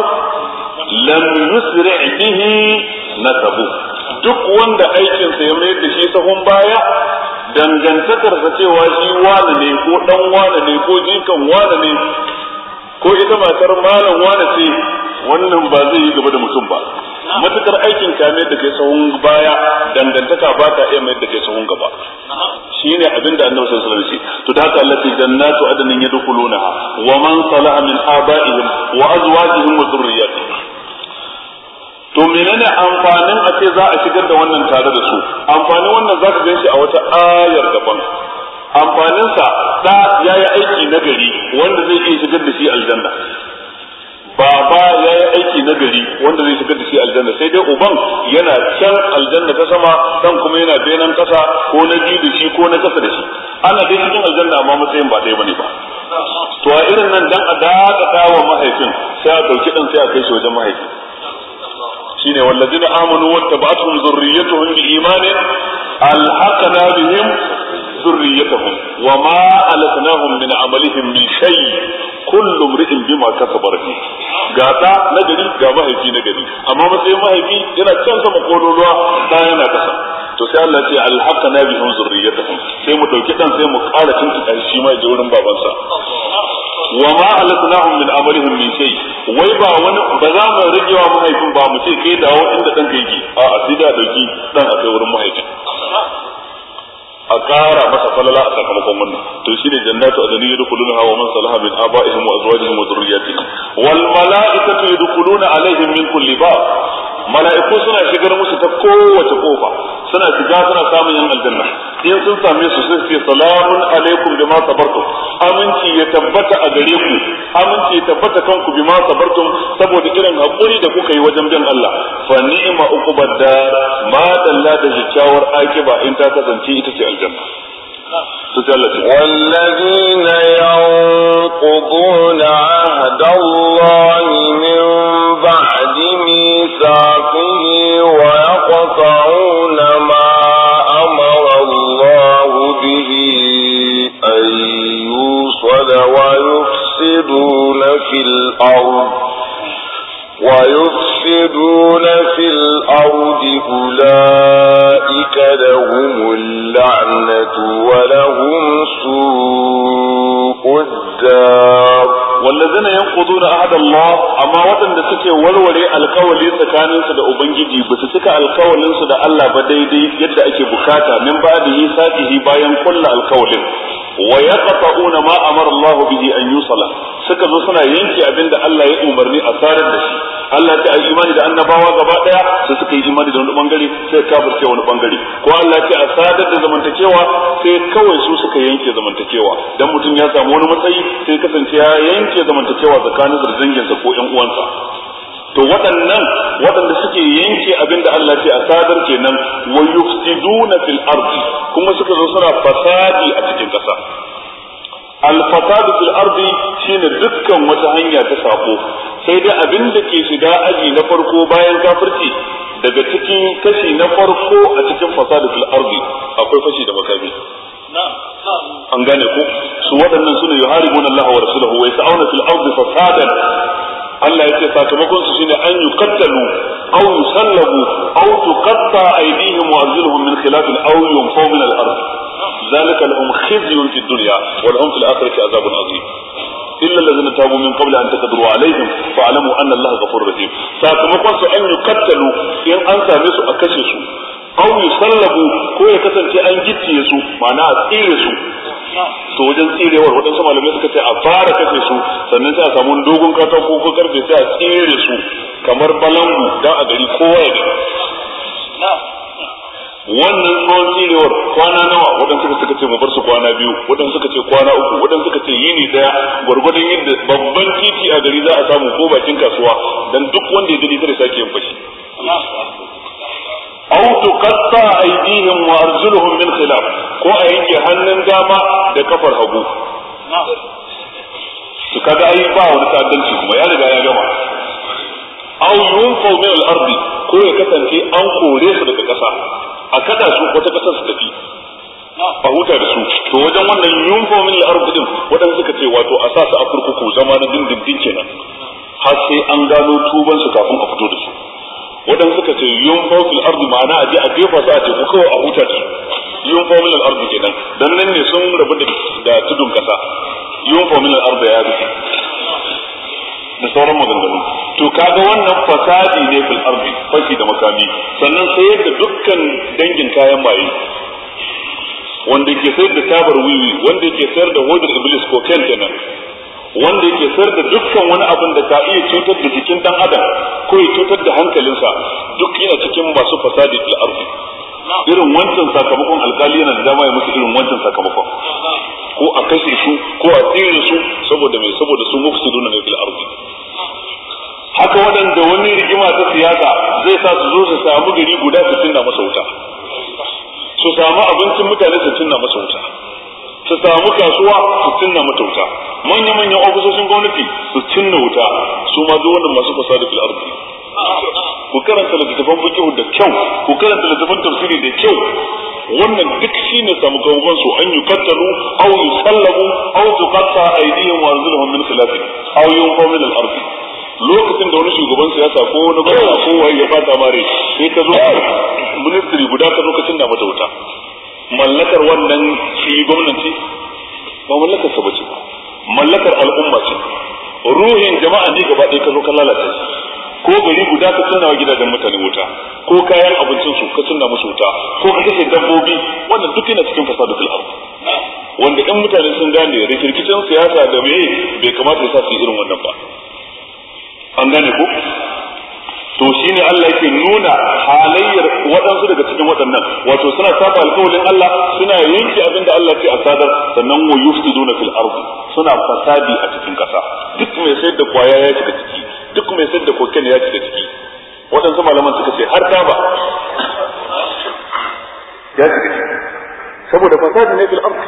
lam yusri bihi nasabu duk wanda aikinsa ya mayar da shi sahun baya dangantakar sa cewa shi wane ne ko dan wane ne ko jikan wane ne ko ita matar malam wani ce wannan ba zai yi gaba da mutum ba matukar aikin mai da kai sahun baya dangantaka ba ta iya mai da kai sahun gaba shine abin da annabi sallallahu alaihi wasallam to da haka allati jannatu adnin yadkhulunaha wa man salaha min abaihim wa azwajihim wa dhurriyyatihim to menene amfanin a ce za a shigar da wannan tare da su amfanin wannan za ka gan shi a wata ayar gaban. amfaninsa da ya yi aiki na gari wanda zai iya shigar da shi aljanna baba ya yi aiki na gari wanda zai shigar da shi aljanna sai dai uban yana can aljanna ta sama dan kuma yana benan kasa ko na biyu da shi ko na kasa da shi ana dai cikin aljanna amma matsayin ba ɗaya bane ba to a irin nan dan a dakata wa mahaifin sai a dauki dan sai a kai shi wajen mahaifin shine walladina amanu wattaba'atuhum zurriyatuhum bi imanin alhaqna bihim ذريتهم وما ألتناهم من عملهم من شيء كل امرئ بما كسب رهين ga da na gari ga mahaifi na gari amma matsayin mahaifi yana can sama kololuwa da yana kasa to sai Allah ce alhaqna bihim zurriyatahum sai mu dauki dan sai mu ƙara tuntuka shi ma je wurin babansa wa ma alatnahum min amalihim min shay wai ba wani ba za mu rage wa mahaifin ba mu ce kai dawo inda dan kai ke a a sai da dauki dan a kai wurin mahaifin a kara masa falala a sakamakon wannan to shine jannatu adani yadkhuluna wa man salaha min abaihim wa azwajihim wa dhurriyyatihim wal malaikatu yadkhuluna alaihim min kulli bab mala'iku suna shigar musu ta kowace kofa suna shiga suna samun yan aljanna in sun same su sun ce salamun alaikum bima sabartum aminci ya tabbata a gare ku aminci ya tabbata kanku bima sabartum saboda irin hakuri da kuka yi wajen bin Allah fa ni'ma uqbad dar ma dalla da jikawar akiba in ta kasance ita ce aljanna والذين ينقضون عهد الله من ويقطعون ما أمر الله به أن يوصل ويفسدون في الأرض أولئك لهم اللعنة ولهم سوء الدار yanquduna ahadallah amma waɗanda suke warware alkawali tsakaninsu da ubangiji ba su cika alkawalin su da Allah ba daidai yadda ake bukata min ba'dihi sakihi bayan kulle alkawalin wa yaqta'una ma amara Allah bihi an yusala suka zo suna yanke abin da Allah ya umarni a sarar da shi Allah ta yi imani da annabawa gaba daya sai suka yi imani da wani bangare sai kafirce wani bangare ko Allah ta a sadar da zamantakewa sai kawai su suka yanke zamantakewa dan mutum ya samu wani matsayi sai kasance ya yanke zamantakewa tsakanin sa ko ƴan uwansa to waɗannan waɗanda suke yanke abin da Allah ce a sadar kenan wa yufsiduna fil ardi kuma suka zo suna fasadi a cikin ƙasa al-fasad fil ardi shine dukkan wata hanya ta sako sai dai abin da ke shiga aji na farko bayan kafirci daga cikin kashi na farko a cikin fasad fil ardi akwai fashi da makami an gane ku su waɗannan suna yuharibuna Allah wa rasulahu wa yas'auna fil ardi fasadan Allah yake sakamakon su shine an yuqattalu aw yusallabu aw tuqatta aydihim wa arjuluhum min khilaf aw yunfaw min al-ard ذلك لهم خزي في الدنيا ولهم في الآخرة عذاب عظيم إلا الذين تابوا من قبل أن تقدروا عليهم فاعلموا أن الله غفور رحيم فأتمقون أن يقتلوا إن أنت أميسوا أكسسوا أو يسلبوا كوية كتن في أن جت يسوا معناها تيرسوا to wajen tsirewar waɗansu malamai suka ce a fara kashe su sannan sai a samu dogon katako ko karfe sai a tsere su kamar balangu da a gari kowa ya gani wannan tsawon tsirewar kwana nawa wadan suka suka ce bar su kwana biyu wadan suka ce kwana uku wadan suka ce yini daya gwargwadon yadda babban titi a gari za a samu ko bakin kasuwa dan duk wanda ya gani kada sake yin fashi aw tuqatta aydihim wa arjuluhum min khilaf ko a yanke hannun dama da kafar hagu to kaga ai ba wani ta'addanci kuma ya riga ya gama aw yunfaw min al-ardi ko ya kasance an kore su daga kasa a kada su wata kasa su tafi a huta da su to wajen wannan yunfa min al-ardh din wadanda suka ce wato a sa a kurkuku zama na dindindin kenan har sai an gano tuban su kafin a fito da su wadan suka ce yunfa fil ardi ma'ana a je a jefa su a ku kawai a huta da su yunfa min al-ardh kenan dan nan ne sun rabu da tudun kasa yunfa min al-ardh ya bi da sauran maganganu to kaga wannan fasadi ne fil ardi fashi da makami sannan sai da dukkan dangin kayan maye wanda ke sayar da tabar wiwi wanda ke sayar da hodar iblis ko ken kenan wanda yake sayar da dukkan wani abin da ka iya cutar da jikin dan adam ko ya cutar da hankalinsa duk yana cikin masu fasadi fil ardi irin wancan sakamakon alkali yana da dama ya musu irin wancan sakamakon ko a kashe su ko a tsere su saboda mai saboda su mufsiduna ne fil ardi haka waɗanda wani rigima ta siyasa zai sa su zo su samu gari guda su cinna masa wuta su samu abincin mutane su cinna masa wuta su samu kasuwa su cinna mata wuta manya-manyan ofisoshin gwamnati su cinna wuta su ma duk wani masu fasa da fil'arzi ku karanta littattafan fikihu da kyau ku karanta littattafan tafsiri da kyau wannan duk shi ne samu sakamakon su an yukattalu aw yusallamu aw tuqatta aydihim wa wanzu da khilaf aw yunfaw min al al'arfi lokacin da wani shugaban siyasa ko wani gwamna ko wai ya fata mare sai ta zo ministry guda ta lokacin da mata wuta mallakar wannan shi gwamnati ba mallakar sa bace ba mallakar al'umma ce ruhin jama'a ne gaba ɗaya ka zo ka lalata ko gari guda ka tunna wa gidajen mutane wuta ko kayan abincin su ka tunna musu wuta ko ka kashe dabbobi wannan duk yana cikin fil ardh wanda ɗan mutane sun gane rikirkicin siyasa da me bai kamata ya sa su irin wannan ba an gane ko to shi ne Allah yake nuna halayyar waɗansu daga cikin waɗannan wato suna saba alƙawarin Allah suna yanke abinda Allah ce a sadar sannan wa yufsiduna fil ardi suna fasadi a cikin ƙasa duk mai sayar da kwaya ya shiga ciki duk mai sayar da kokain ya shiga ciki waɗansu malaman suka ce har taba ya shiga ciki saboda fasadi ne fil ardi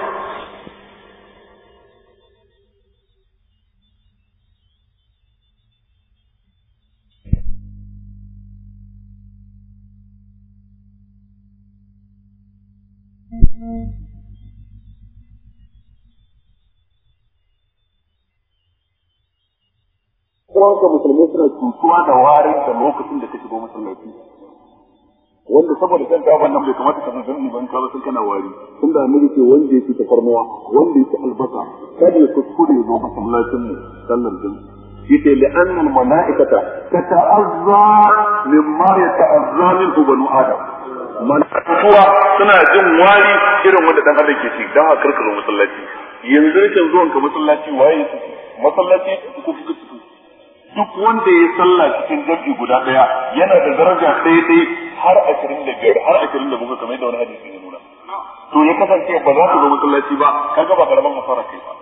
Kowanka musulmai suna cutuwa da wari da lokacin da ta shigo musulmi Wanda saboda kan gaban nan bai kamata ka san ni ban kawo sun kana wari. Tun da amiri ce wanda yake tafarnuwa, wanda yake albasa, kada ya kuskure ya zo masallacin mu sallan din. Yace li'anna al-mala'ikata tata'azza mimma yata'azza min banu Adam. mantuwa suna jin wari irin wanda dan Allah ke ci dan a karkaro masallaci yanzu kan zuwan ka masallaci waye masallaci ku ku duk wanda ya salla cikin dabbi guda daya yana da daraja sai dai har ashirin da biyar har ashirin da kamar da wani hadisi ne nuna to ya kasance ba za ku zo masallaci ba kaga ba karaman hasara kai ba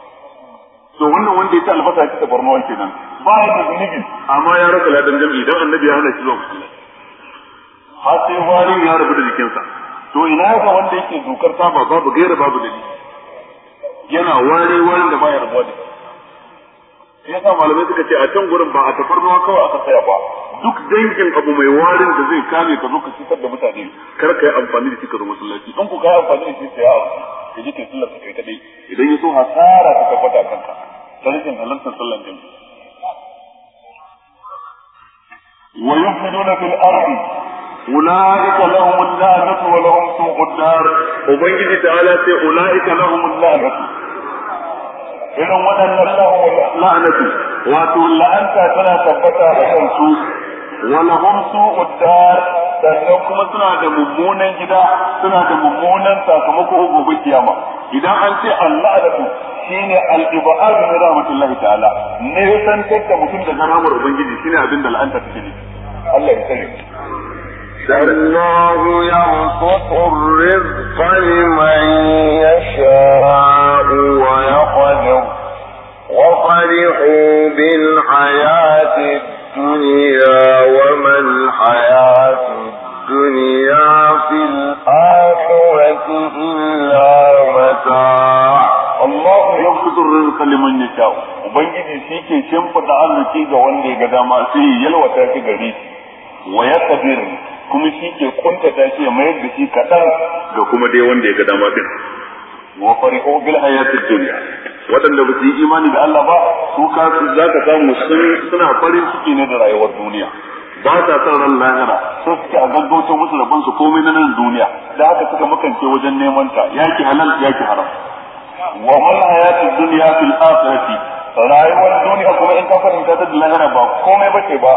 to wannan wanda ya ci albasa ya ci tabarmawan kenan ba ya da zunubi amma ya rasa ladan jami'i dan annabi ya hana shi zuwa masallaci har sai warin ya rabu da jikinsa to ina ga wanda yake dukar taba babu gaira babu dalili yana wari warin da baya rabuwa da shi yasa malamai suka ce a can gurin ba a tafarnuwa kawai aka tsaya ba duk dangin abu mai warin da zai kame ka zo ka cutar da mutane kar ka yi amfani da shi ka zo masallaci in ku ka yi amfani da shi sai a ka ji kai sallar kai kadai idan ya so hasara ka tabbata kanka ta rikin halartar sallar jami'a ويفسدون في الأرض أولئك لهم اللعنة ولهم سوء الدار وبنجد تعالى أولئك لهم اللعنة irin waɗannan la'anatu wato la'anta tana tabbata a kansu walahum su'ud dar sannan kuma suna da mummunan gida suna da mummunan sakamako gobe kiyama idan an ce al-la'anatu shine al-ibad min rahmatullahi ta'ala ne san da mutum daga rahmar ubangiji shine abin da la'anta take ne Allah ya sani الله يرفق الرزق لمن يشاء ويقدر وفرحوا بالحياة الدنيا وما الحياة الدنيا في الآخرة إلا متاع الله يبسط الرزق لمن يشاء وبنجي شيكي شنفة عزكي جواني قدام أسيه يلوى تاكي قريب ويقدر kuma shi ke kuntata shi ya mayar da shi kaɗan ga kuma dai wanda ya ga dama din wa fari'u bil dunya waɗanda ba su yi imani da Allah ba su ka za ka samu suna farin ciki ne da rayuwar duniya ba ta son ran lahira sai suke a musu da bansu komai na nan duniya da haka suka makance wajen neman ta yaki halal yaki haram wa mal hayatud dunya fil akhirati rayuwar duniya kuma in ka fahimta ta da lahira ba komai bace ba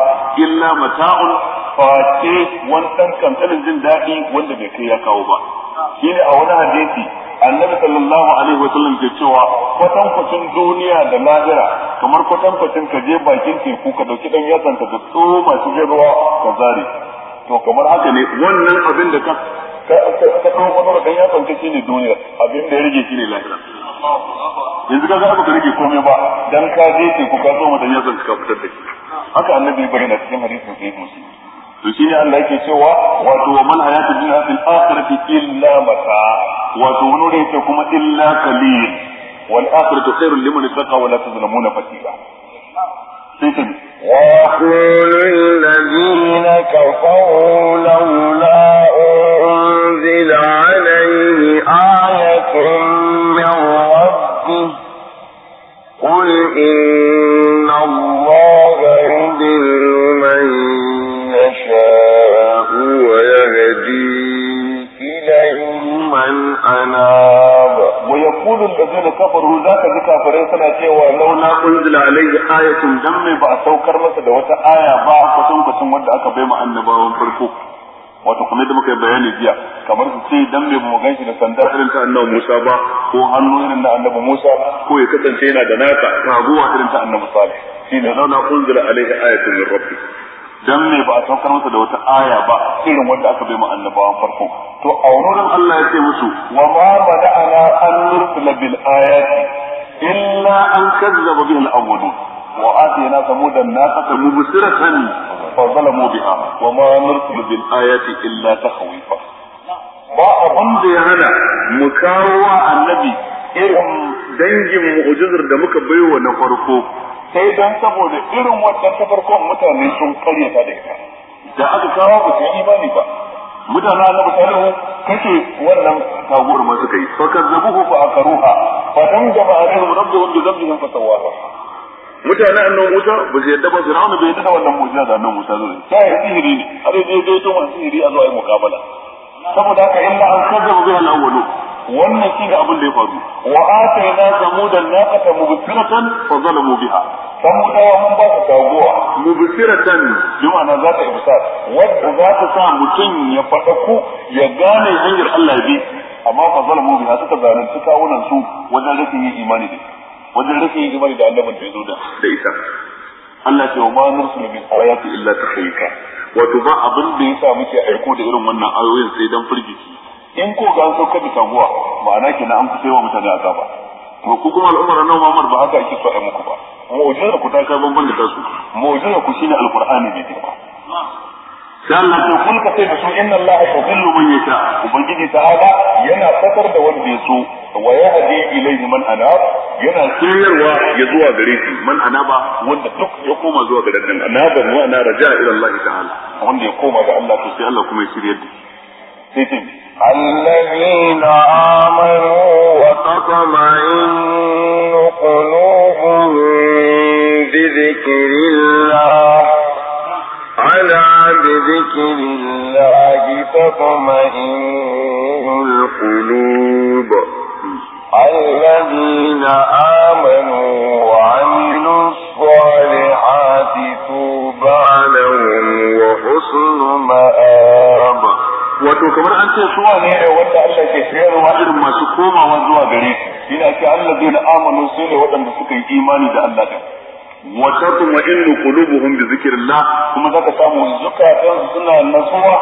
illa mata'un face wani ɗan kankanin jin daɗi wanda bai kai ya kawo ba shi ne a wani hadisi annabi sallallahu alaihi wa sallam ke cewa kwatankwacin duniya da lahira kamar kwatankwacin ka je bakin teku ka dauki dan yatsan ka da tsoma shi ga ruwa ka zare to kamar haka ne wannan abin da ka ka ka ka dan yatsan ka ne duniya abin da ya rage ne lahira yanzu za abu ka rage komai ba dan ka je teku ka zo mu dan yatsan ka fitar da shi haka annabi bari na cikin hadisin sai musu. to shine Allah yake cewa wato wa man hayatu dunya fil akhirati illa mata wato wani wuri yake kuma illa qalil wal akhiratu khairul liman ittaqa wa la tuzlamuna fatila وقل الذين كفروا لولا أنزل عليه آية من ربه قل إن الأناب ويقول الذين كفروا ذاك ذكى فريسنا كيوا لولا أنزل عليه آية دم بأسو كرمة دوات آية باع كتن كتن ودى أكبيم أن نباهم فرقوك wato kuma da muka yi bayani jiya kamar su ce dan bai mu ganshi da sanda irin ta annabi Musa ba ko hannu irin na annabi Musa ko ya kasance yana da naka taguwa irin ta annabi Salih shine unzila ayatun min dan me ba a saukar masa da wata aya ba irin wanda aka bai mu annabawan farko to a wurin Allah ya ce musu wa ma bada'ana an nursila bil ayati illa an kazzaba bihi al awwalun wa atina samuda naqata mubsiratan fa zalamu biha wa ma nursilu bil ayati illa tahwifa ba abun da ya hana mu kawo annabi irin dangin mu'jizar da muka baiwa na farko sai dan saboda irin wannan ta farkon mutane sun karyata da ita da aka kawo ba su yi imani ba mutane na mutane kace wannan taguwar ma suka yi fakar zabuhu fa akaruha fa dan jama'a rabbuhum bi dhanbihim fa sawaha mutane annan Musa ba su yadda ba su rauna bai yadda da wannan mu'jiza da annan Musa zai sai sihiri ne har dai dai to wannan sihiri a zo ai mukabala saboda haka illa an kazzaba bihi al awwalu wannan shi ga abin da ya faru wa atayna samudan naqata mubsiratan fa zalamu biha samudawa mun ba ka taguwa mubsiratan bi ma'ana za ta ibsar wadda za ta sa mutum ya fada ku ya gane hanyar Allah bi amma fa zalamu biha suka su kawunan su wajen rashin yin imani da wajen rashin yin imani da Allah da ya zo da isa Allah ce wa ma nursulu min ayati illa tahrifa wato ba abin da yasa muke aiko da irin wannan ayoyin sai dan firgici in ko ga saukar da taguwa ma'ana kenan an fi saiwa mutane a gaba to ku kuma al'ummar na Muhammad ba haka ake so a muku ba mu'jiza ku ta kai banban da su? mu'jiza ku shine alqur'ani ne girma sai Allah ya kulka sai da su inna Allah yudhillu man yasha ubangiji ta'ala yana fatar da wanda ya so wa yahdi ilayhi man anab yana shiryarwa ya zuwa gare shi man anaba wanda duk ya koma zuwa ga dan anaba wa ana raja'a ila Allah ta'ala wanda ya koma ga Allah to sai Allah kuma ya shiryar da shi الذين آمنوا وتطمئن قلوبهم بذكر الله على بذكر الله تطمئن القلوب الذين آمنوا وعملوا الصالحات توبى لهم وحسن مآب wato kamar an ce su ne ne wanda Allah ke sayarwa irin masu komawa zuwa gare yana ce Allah zai na amanu su ne waɗanda suka yi imani da Allah din wa tatma'innu qulubuhum bi zikrillah kuma zaka samu zukatan suna nasuwa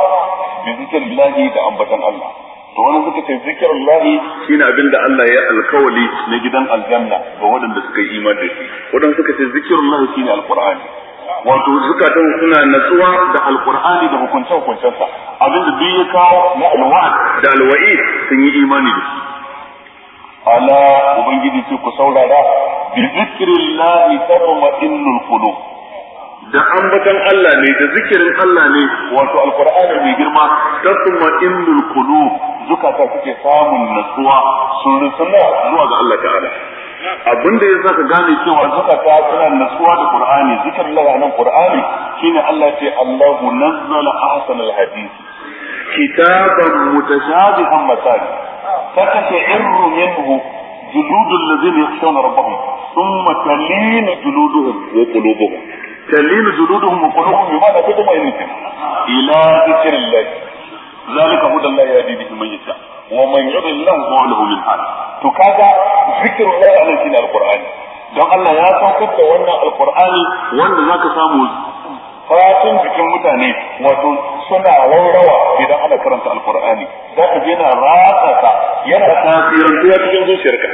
bi zikrillah da ambatan Allah to wani suka ce zikrillah shine abin da Allah ya alkawali na gidan aljanna ga waɗanda suka yi imani da shi waɗanda suka ce zikrillah shine alqur'ani wato zukatan suna natsuwa da alkur'ani da hukuncen hukuncensa abinda duk ya kawo na da alwa'i sun yi imani da shi ala ubangiji ce ku saurara bi zikrillahi tatma qulub da ambatan Allah ne da zikirin Allah ne wato alkur'ani mai girma tatma innul qulub zukata suke samun natsuwa sun rusuna zuwa ga Allah ta'ala abin da zaka ka gane cewa ta suna nasuwa da qur'ani zikr Allah nan qur'ani shine Allah ce Allahu nazzala ahsan hadisi kitaban mutashabihan masali فتشعر منه جلود الذين يخشون ربهم ثم تلين جلودهم وقلوبهم تلين جلودهم وقلوبهم بمعنى كتب إلى ذكر الله ذلك هدى الله يهدي به من يشاء wa man yudil lahu wa lahu min hal to kaga zikrullah anan shine alqur'ani don Allah ya saukar da wannan alqur'ani wanda zaka samu fatin jikin mutane wato suna raurawa idan ana karanta alqur'ani zaka je na ratsaka yana tasirantuwa cikin zuciyarka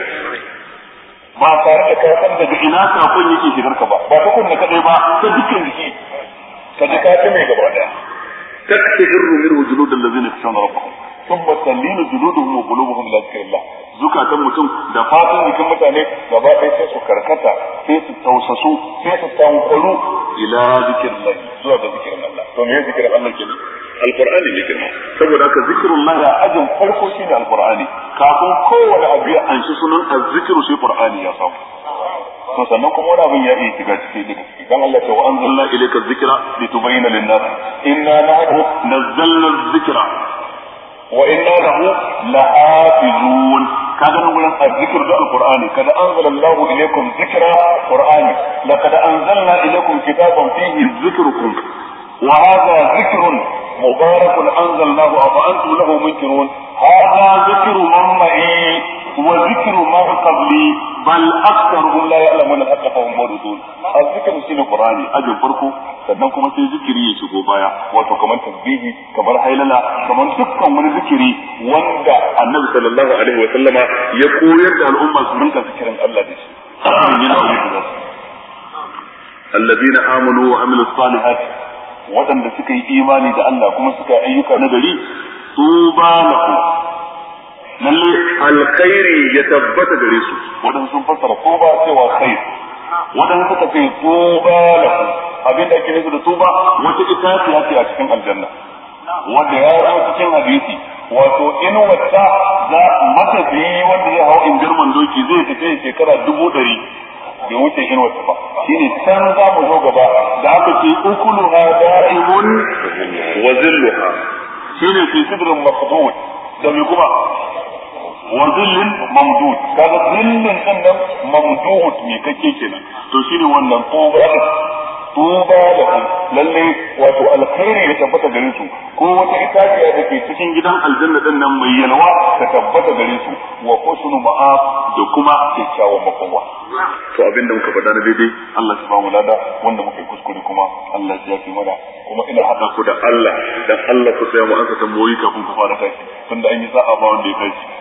ba tare da kasan daga ina kafin yake shigarka ba ba ta kunna kadai ba ta jiki ka mai gaba daya تكتفر منه جلود الذين يخشون ربهم thumma tallinu juluduhum wa qulubuhum ila dhikrillah zukatan mutum da fatan jikin mutane gaba ɗaya sai su karkata sai su tausasu sai su tankwaru ila dhikrillah zuwa ga zikirin Allah to me zikirin Allah kenan alqur'ani ne kenan saboda haka zikrullah ya ajin farko shi ne alqur'ani kafin kowane abu ya anshi sunan azzikiru sai qur'ani ya samu to sannan kuma wani abin ya iya shiga ciki da gaske dan Allah ta wa anzalna ilayka dhikra litubayyana lin-nas inna nahnu nazzalna dhikra وإنا له لحافظون كذا نقول الذكر ده القرآن كذا أنزل الله إليكم ذكر قرآن لقد أنزلنا إليكم كتابا فيه ذكركم وهذا ذكر مبارك أنزلناه أفأنتم له منكرون هذا ذكر من wa zikru ma qabli bal aktharuhum la ya'lamuna al-haqqa fa hum muridun azzikru shine qur'ani ajin farko sannan kuma sai zikiri ya shigo baya wato kamar tasbihi kamar hailala kamar dukkan wani zikiri wanda annabi sallallahu alaihi wa sallama ya koyar da al'umma su rinka zikirin Allah da shi yana wani الذين wa وعملوا الصالحات waɗanda suka yi imani da Allah kuma suka yi ayyuka na gari tuba lahu lalle alkhairi ya tabbata gare su wadan sun fassara ko ba cewa khair wadan suka ce tuba lahu abin da ake nufi da tuba wata ta ce a cikin aljanna wanda ya yi cikin hadisi wato in wata za matafiyi wanda ya hau in girman doki zai tafi shekara dubu ɗari bai wuce in wata ba ne can za mu zo gaba da aka ce ukuluha da'imun wa zilluha shine fi sidirin maqdud da mai kuma wa zillin mamdud kaga zillin din nan mamdud me kake kenan to shine wannan tuba tuba da lalle wato alkhairi ya tabbata gare su ko wata itaciya da ke cikin gidan aljanna din nan mai yalwa ta tabbata gare su wa husnu ma'af da kuma kyakkyawan makowa to abin da muka faɗa na daidai Allah ya bamu lada wanda muka kuskure kuma Allah ya yafi mana kuma ina hada ku da Allah dan Allah ku sai mu ansa tambayoyi kafin ku fara tashi tunda an yi sa'a ba wanda ya tashi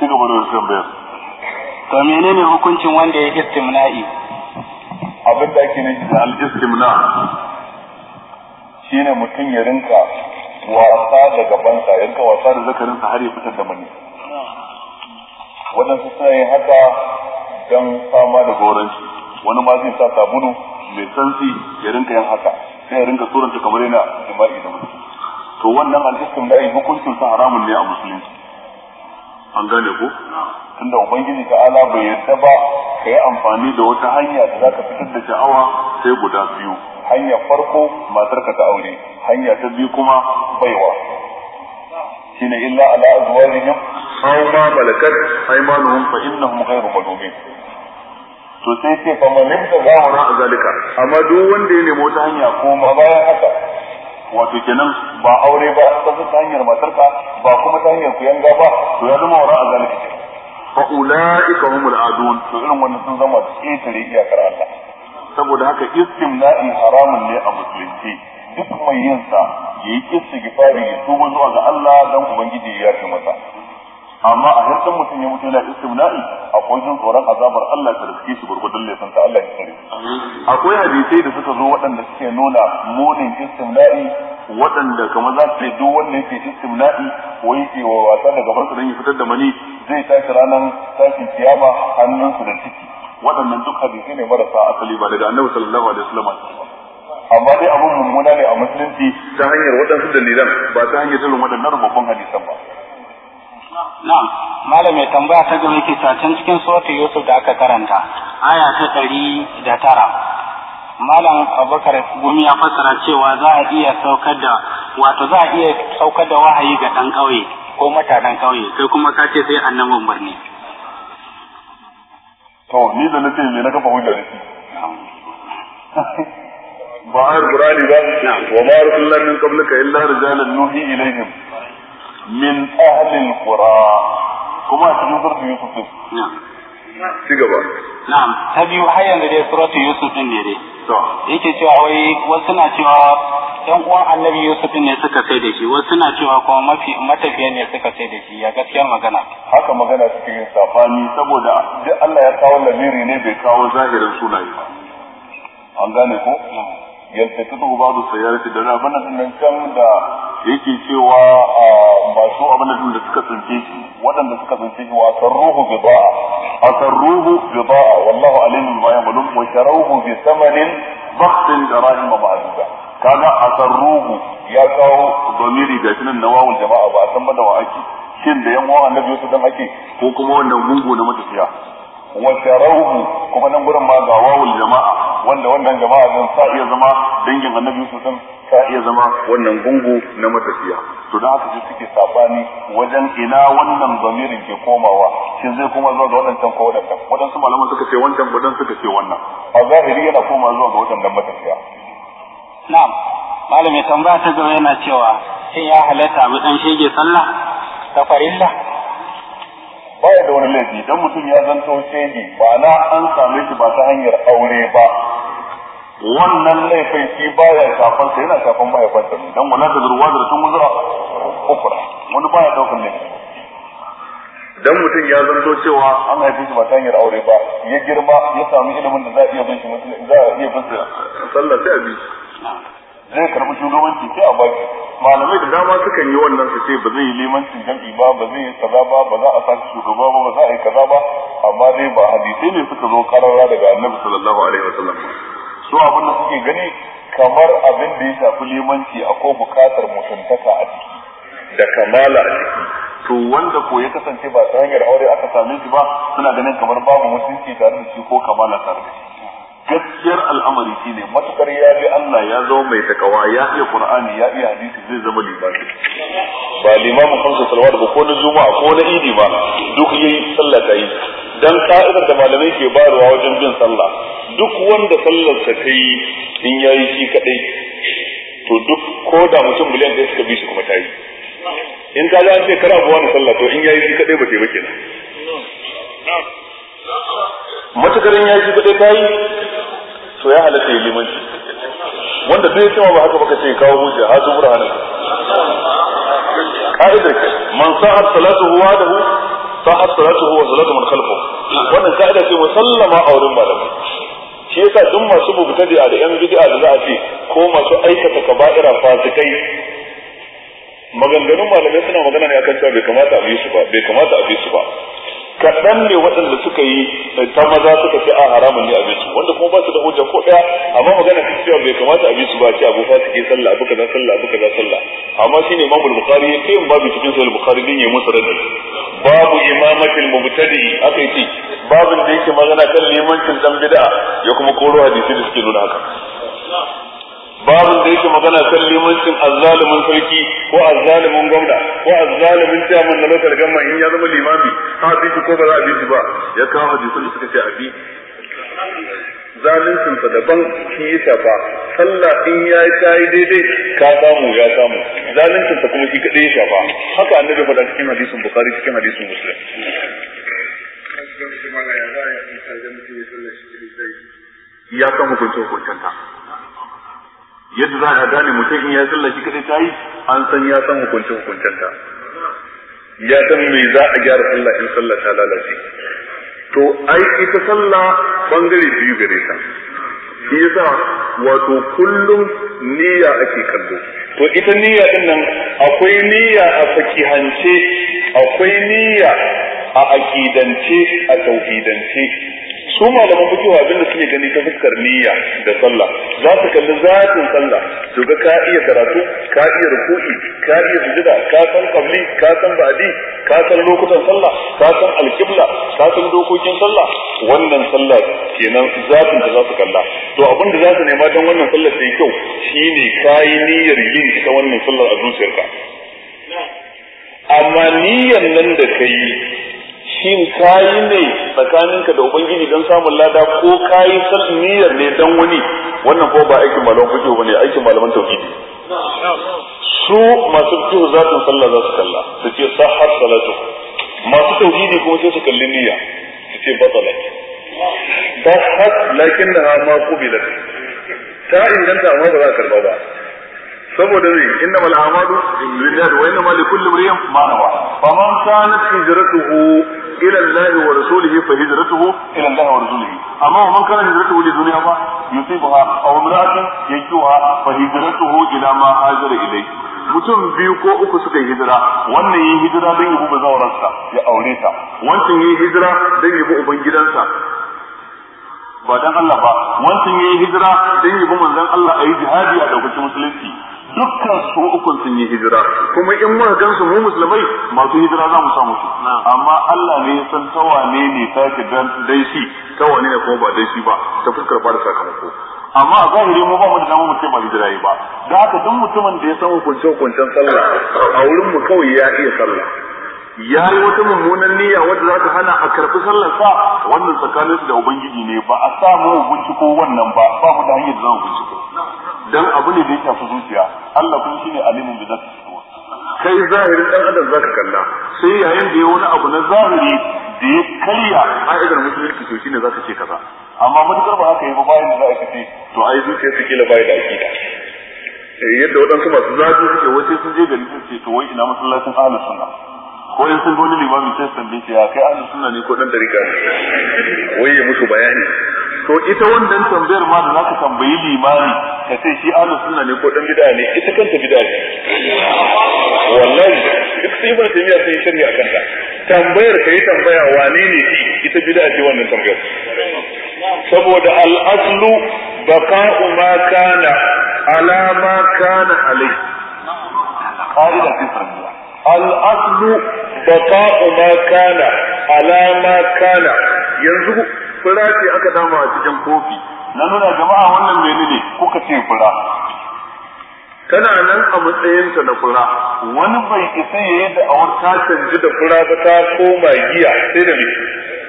ci gaba da tambayar to ne hukuncin wanda ya yi istimna'i abin da ake nufi da al-istimna ne mutum ya rinka wasa da gabansa ya rinka wasa da zakarinsa har ya fitar da mani waɗansu suna yin haka don fama da goranci wani ma zai sa sabulu mai santsi ya rinka yin haka sai ya rinka suranta kamar yana jima'i da mutum to wannan al-istimna'i hukuncin sa haramun ne a musulunci an gane ko tunda ubangiji ta ala bai yadda ba ka yi amfani da wata hanya da zaka fitar da sha'awa sai guda biyu hanya farko matar ka ta aure hanya ta biyu kuma baiwa shine illa ala azwajihim aw ma malakat aymanuhum fa innahum ghayru malumin to sai ce fa man yabda zahara zalika amma duk wanda ya nemi wata hanya ko ma bayan haka wato kenan ba aure ba ta ta hanyar matarka ba kuma ta hanyar ku yanga ba to ya zama wara a zalika ce fa ulaika humul adun to irin wannan sun zama ƙetare iyakar Allah saboda haka istimna'i haramun ne a musulunci duk mai yin sa yayi gifari ya tuba zuwa ga Allah dan ubangiji ya yafe masa amma a harkar mutum ya mutu yana istimna'i akwai jin tsoron azabar Allah ta riske shi gurgudun laifin ta Allah ya tsare akwai hadisai da suka zo waɗanda suke nuna munin istimna'i waɗanda kamar za su yi duk wanda yake istimna'i ko yake wa wasa da gaban su don ya fitar da mani zai tashi ranar tashin kiyama su da ciki waɗannan duk hadisai ne marasa asali ba daga annabi sallallahu alaihi wasallam amma dai abun mummuna ne a musulunci ta hanyar waɗansu dalilan ba ta hanyar irin waɗannan rubutun hadisan ba na'am malam mai tambaya ta gaba ke can cikin suratul yusuf da aka karanta aya ta ɗari da tara malam abubakar gumi ya fassara cewa za a iya saukar da wato za a iya saukar da wahayi ga ɗan ƙauye ko mutanen ƙauye sai kuma ka ce sai annabin birni to ni da nufin me na kafa hujja da ba yi burani ba wa ma arsalna min qablika illa rijalan nuhi ilaihim min ahlil qura kuma a cikin suratu yusuf ci gaba na'am ta biyu har yanzu dai surat yusuf din ne dai to yake cewa wai wasu suna cewa yan uwan annabi yusuf ne suka sai da shi wasu suna cewa kuma mafi matafiya ne suka sai da shi ya gaskiyar magana haka magana suke yin safani saboda duk Allah ya kawo lamiri ne bai kawo zahirin sunaye ba an gane ko yalta tutu ba da sayar da na bana nan can da yake cewa ah, masu abin da suka tsince shi waɗanda suka tsince shi wa ruhu bi ba'a ruhu bi ba'a wallahu alimun ma yamalun wa sharawhu bi thamanin bakhsin kana a san ruhu ya kawo domiri ga shi nan na wawul jama'a ba a san ba da wa ake shin da yan na annabi su dan ake ko kuma wannan gungu na matafiya wa sharawhu kuma nan gurin ma ga wawul jama'a wanda wannan jama'a din sa iya zama dangin annabi Yusuf din sa iya zama wannan gungu na matafiya to dan haka sai suke sabani wajen ina wannan zamirin ke komawa shin zai kuma zuwa ga wadancan ko wadancan wadansu malaman suka ce wannan wadansu suka ce wannan a zahiri yana koma zuwa ga wadannan matafiya na'am malami ba ta gaba yana cewa shin ya halatta mu dan shege sallah ta farilla ba ya da wani laifi don mutum ya zanto shaidi ba na an same shi ba ta hanyar aure ba wannan laifin shi baya ya shafan sa yana shafan fanta ne don wala da zurwa da tun wuzura kufra wani ba ya daukan laifi dan mutum ya zanto cewa an haife shi ba ta hanyar aure ba ya girma ya sami ilimin da za a iya bin shi za a iya bin shi sallar da a zai karbi shugabanci sai a baki malamai da dama sukan yi wannan su ce ba zai yi limancin jam'i ba ba zai yi kaza ba ba za a saki shugaba ba ba za a yi kaza ba amma dai ba hadisai ne suka zo karara daga annabi sallallahu alaihi wasallam su abin da suke gani kamar abin da ya shafi limanci akwai bukatar mutuntaka a ciki da kamala a ciki to wanda ko ya kasance ba ta hanyar aure aka same shi ba suna ganin kamar babu mutunci tare da shi ko kamala tare da shi gaskiyar al'amari shine matukar ya bi Allah ya zama mai takawa ya iya Qur'ani ya iya hadisi zai zama limami ba limamin kansa salawat ba ko na juma'a ko na idi ba duk yayi sallah ta yi dan ka'idar da malamai ke bayarwa wajen bin sallah duk wanda sallar sa ta yi in yayi shi kadai to duk ko da mutum miliyan da suka bi shi kuma ta yi in ka ga ce kar abuwa na sallah to in yayi shi kadai ba ta yi ba kenan matukarin ya shi kadai ta yi to ya halatta ya limanci wanda duk cewa ba haka baka ce kawo hujja ha zu burhanin ka'idar ke man sa'at salatu huwa da hu sa'at salatu huwa salatu man khalfu wannan ka'ida ce musallama a wurin malamai shi yasa duk masu mubtadi'a da yan bid'a da za a ce ko masu aikata kaba'ira fasikai maganganun malamai suna magana ne akan cewa bai kamata a bi su ba bai kamata a bi su ba kaɗan ne waɗanda suka yi eh, ta maza suka ce a ah, haramun ne abinci wanda kuma ba su da hujja ko ɗaya amma magana ta cewa bai kamata abisu ba ce abu suke sallah abu kaza sallah abu kaza sallah amma shine imamu al-bukhari ya kai babu cikin sahih bukhari din ya musu radi babu imamatul mubtadi aka yi babu da yake magana kan limancin dan bid'a ya kuma koro hadisi da suke nuna haka babin da yake magana kan limancin azzalumin sarki ko azzalumin gwamna ko azzalumin ciyaman na lokal gamma in ya zama limami ha bi shi ko ba za a bi shi ba ya kawo hadisul suka ce a bi zalincin sa daban kisa ba sallah in ya yi ta daidai ka samu ya samu zalincin sa kuma shi kadai ya shafa haka annabi faɗa cikin hadisin bukhari cikin hadisin muslim ya san hukuncin hukuncin ta yadda za a gane mutum in ya sallah shi kadai ta yi an san ya san hukuncin hukuncinta. ya san me za a gyara sallah in sallah ta lalace to ai ita sallah bangare biyu gare ta shi yasa wato kullum niyya ake kallo to ita niyya din nan akwai niyya a fakihance akwai niyya a aqidance a tauhidance su malaman fikihu abinda suke gani ta fuskar niyya da sallah za su kalli zatin sallah su ga ka iya karatu ka iya rukuki ka iya sujuda ka san qabli ka san ba'di ka san lokutan sallah ka san alqibla ka san dokokin sallah wannan sallah kenan zatin da za su kalla to abinda za su nema don wannan sallah sai kyau shine kai niyyar yin ta wannan sallar a zuciyarka amma niyyar nan da kai shin kayi ne tsakaninka da ubangiji don samun lada ko kayi san niyyar ne dan wani wannan ko ba aikin malaman fiqh bane aikin malaman tauhidi su masu fiqh za su salla za su kalla su ce sahhat salatu masu tauhidi kuma sai su kalli niyya su ce batalat sahhat lakinnaha ma qubilat ta inganta amma ba za a karba ba saboda ne inna mal amalu lillahi wa inna li kulli imrin ma nawa faman kanat hijratuhu ila allahi wa rasulihi fa hijratuhu ila allahi wa rasulihi amma man kana hijratuhu li dunya ma yusibuha aw imra'atin yajuha fa hijratuhu ila ma hajara ilayhi mutum biyu ko uku suka yi hijira wannan yi hijira don yabi bazawararsa ya aure ta wancan yi hijira don yabi uban gidansa ba dan Allah ba wancan yi hijira don yabi manzon Allah ayi jihadi a daukacin musulunci dukkan su ukun sun yi hijira kuma in muka gansu mu musulmai masu hijira za mu samu su amma Allah ne ya san ta wane ne ta ki dan dai shi ta wane ne kuma ba dai shi ba ta fuskar ba da sakamako amma a zahiri mu ba mu da dama mu ce ba hijira yi ba da haka duk mutumin da ya san hukunce hukuncen sallah a wurin mu kawai ya iya sallah ya yi wata mummunan niyya wadda za ta hana a karɓi sallar sa wannan tsakanin su da ubangiji ne ba a samu binciko wannan ba ba mu da hanyar da za mu binciko dan abu ne da ya tafi zuciya Allah kuma shine alimin bi zati kai zahirin dan adam zaka kalla sai yayin da ya wani abu na zahiri da ya karya idan musulunci to shine zaka ce kaza amma matukar ba haka yi ba bayan da za a ce to ai zuciya su kila bai da akida eh, yadda waɗansu masu zafi suke wace sun je da sun ce to wai ina masallacin ahlus sunna ko sun sun gani limami sai san dace ya kai ahlus sunna ne ko dan dariƙa ne wai ya musu bayani to ita wannan tambayar ma da zaka tambayi limami ka ce shi ahlus sunna ne ko dan bid'a ne ita kanta bid'a ne wallahi duk sai ba ta sai shari'a kanta tambayar ka yi tambaya wane ne shi ita bid'a ce wannan tambayar saboda al'aslu baqa'u ma kana ala ma kana alai qa'ida fi al'aslu baqa'u ma kana ala ma kana yanzu fura ce aka dama a cikin kofi na nuna jama'a wannan menene kuka ce fura tana nan a matsayinta na fura wani bai isa ya yi da awar ta canji da fura ba ta koma giya sai da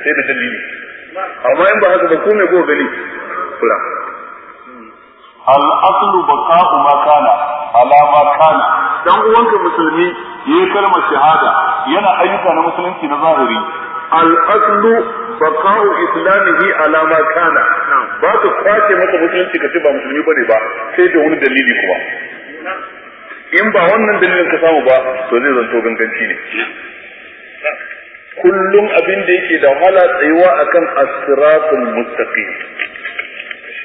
sai da dalili amma in ba haka ba ko me ko gani fura al'aslu baka'u ma kana ala ma kana dan uwanka musulmi yi kalmar shahada yana ayyuka na musulunci na zahiri al'aslu baka islamihi ala ma kana ba ka kwace masa musulunci ka ce ba musulmi bane ba sai da wani dalili kuma in ba wannan dalilin ka samu ba to zai zanto ganganci ne kullum abin da yake da wahala tsayuwa akan as mustaqim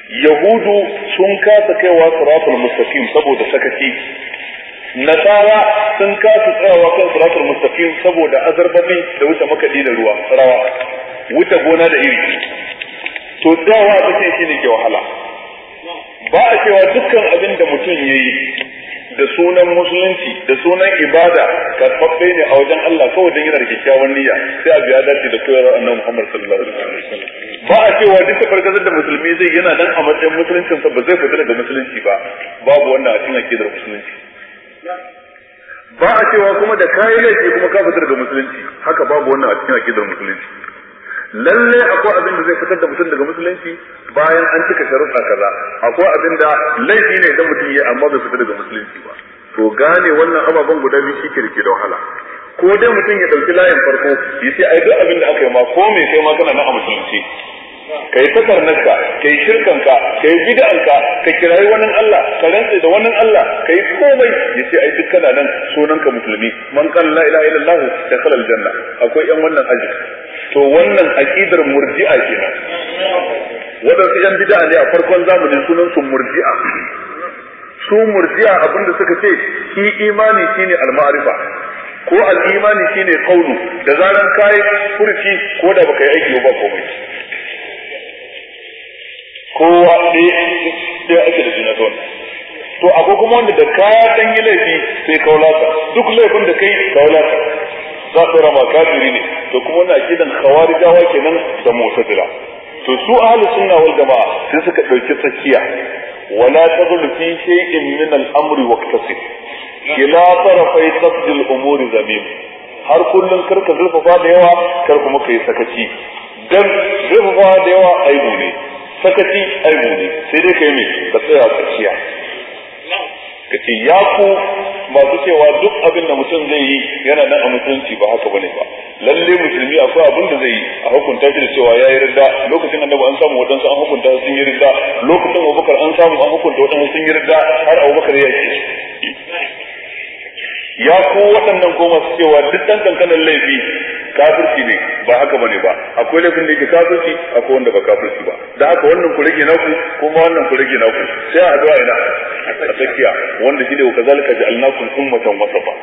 yahudu sun kasa kaiwa siratul mustaqim saboda sakaci nasara sun kasa tsayawa kan siratul mustaqim saboda azarbabi da wuce makadi da ruwa rawa wuce gona da iri to tsayawa take shine ke wahala ba a cewa dukkan abin da mutum yayi da sunan musulunci da sunan ibada karfafe ne a wajen Allah kawai don yana da kyakkyawan niyya sai a biya dace da koyarwar annabi Muhammad sallallahu alaihi wasallam ba a cewa duk farkasar da musulmi zai yana dan a matsayin musuluncin sa ba zai fita daga musulunci ba babu wannan a cikin akidar musulunci ba a cewa kuma da kayan laifi kuma ka fita daga musulunci haka babu wannan a cikin akidar musulunci lalle akwai abin da zai fitar da mutum daga musulunci bayan an cika sharuɗa kaza akwai abin da laifi ne da mutum ya amma bai fita daga musulunci ba to gane wannan ababen guda biyu shi kirki da wahala ko dai mutum ya ɗauki layin farko ya ce ai duk abin da aka yi ma ko me kai ma kana na a musulunci Ka yi kai naka ka yi shirkanka yi bid'anka ka kirayi wannan Allah ka rantsa da wannan Allah ka yi komai Ya ce ai duk kana nan sunanka musulmi man qala la ilaha illallah dakhala aljanna akwai yan wannan aji to wannan aqidar murji'a kenan wadansu yan bid'a ne a farkon zamanin sunan su murji'a su murji'a abinda suka ce shi imani shine al ko al-imani shine qawlu da zaran kai furfi ko da baka yi aiki ba komai kowa ɗaya ɗaya ake da juna ta to a kuma wanda da kaya dan yi laifi sai kaulata duk laifin da kai kaulata za su rama kafiri ne to kuma dan kawari khawarijawa kenan da dira to su ahlus suna wal jamaa sai suka ɗauki tsakiya wala ta zuru fi shay'in min al-amri waqtasib ila tarafai tafdil umuri zamim har kullun karka zurfafa da yawa kar kuma kai sakaci dan zurfa da yawa aibu ne sakaci aibu ne sai dai kai me ka tsaya tsakiya ka ce ya ku masu cewa duk abin da mutum zai yi yana nan a mutunci ba haka bane ba lalle musulmi akwai abin da zai yi a hukunta shi da cewa ya yi ridda lokacin annabi an samu waɗansu an hukunta sun yi ridda lokacin abubakar an samu an hukunta wadansu sun yi ridda har abubakar ya ce ya ku waɗannan goma su cewa duk ɗan kankanin laifi kafirci ne ba haka bane ba akwai laifin da yake kafirci akwai wanda ba kafirci ba da haka wannan ku rage naku kuma wannan ku rage naku sai a addu'a ina a tsakiya wanda shine ku kazalika ja'alnakum ummatan wasafa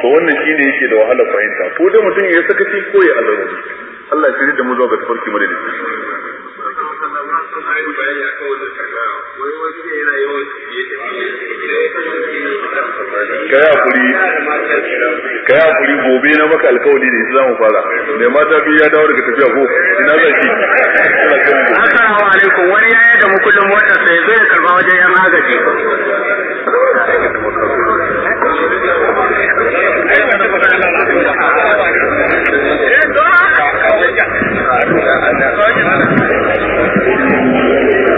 to wannan shine yake da wahala fahimta ko dai mutum ya sakaci ko ya azarori Allah ya shirye da mu zuwa ga tafarki madadin kaya kuri kaya kuri gobe na maka alkawari da ita zamu fara da mata biyu ya dawo daga tafiya ko ina zan ci assalamu alaikum wani ya yadda mu kullum motar sai zai karba wajen yan agaji eh, Thank you.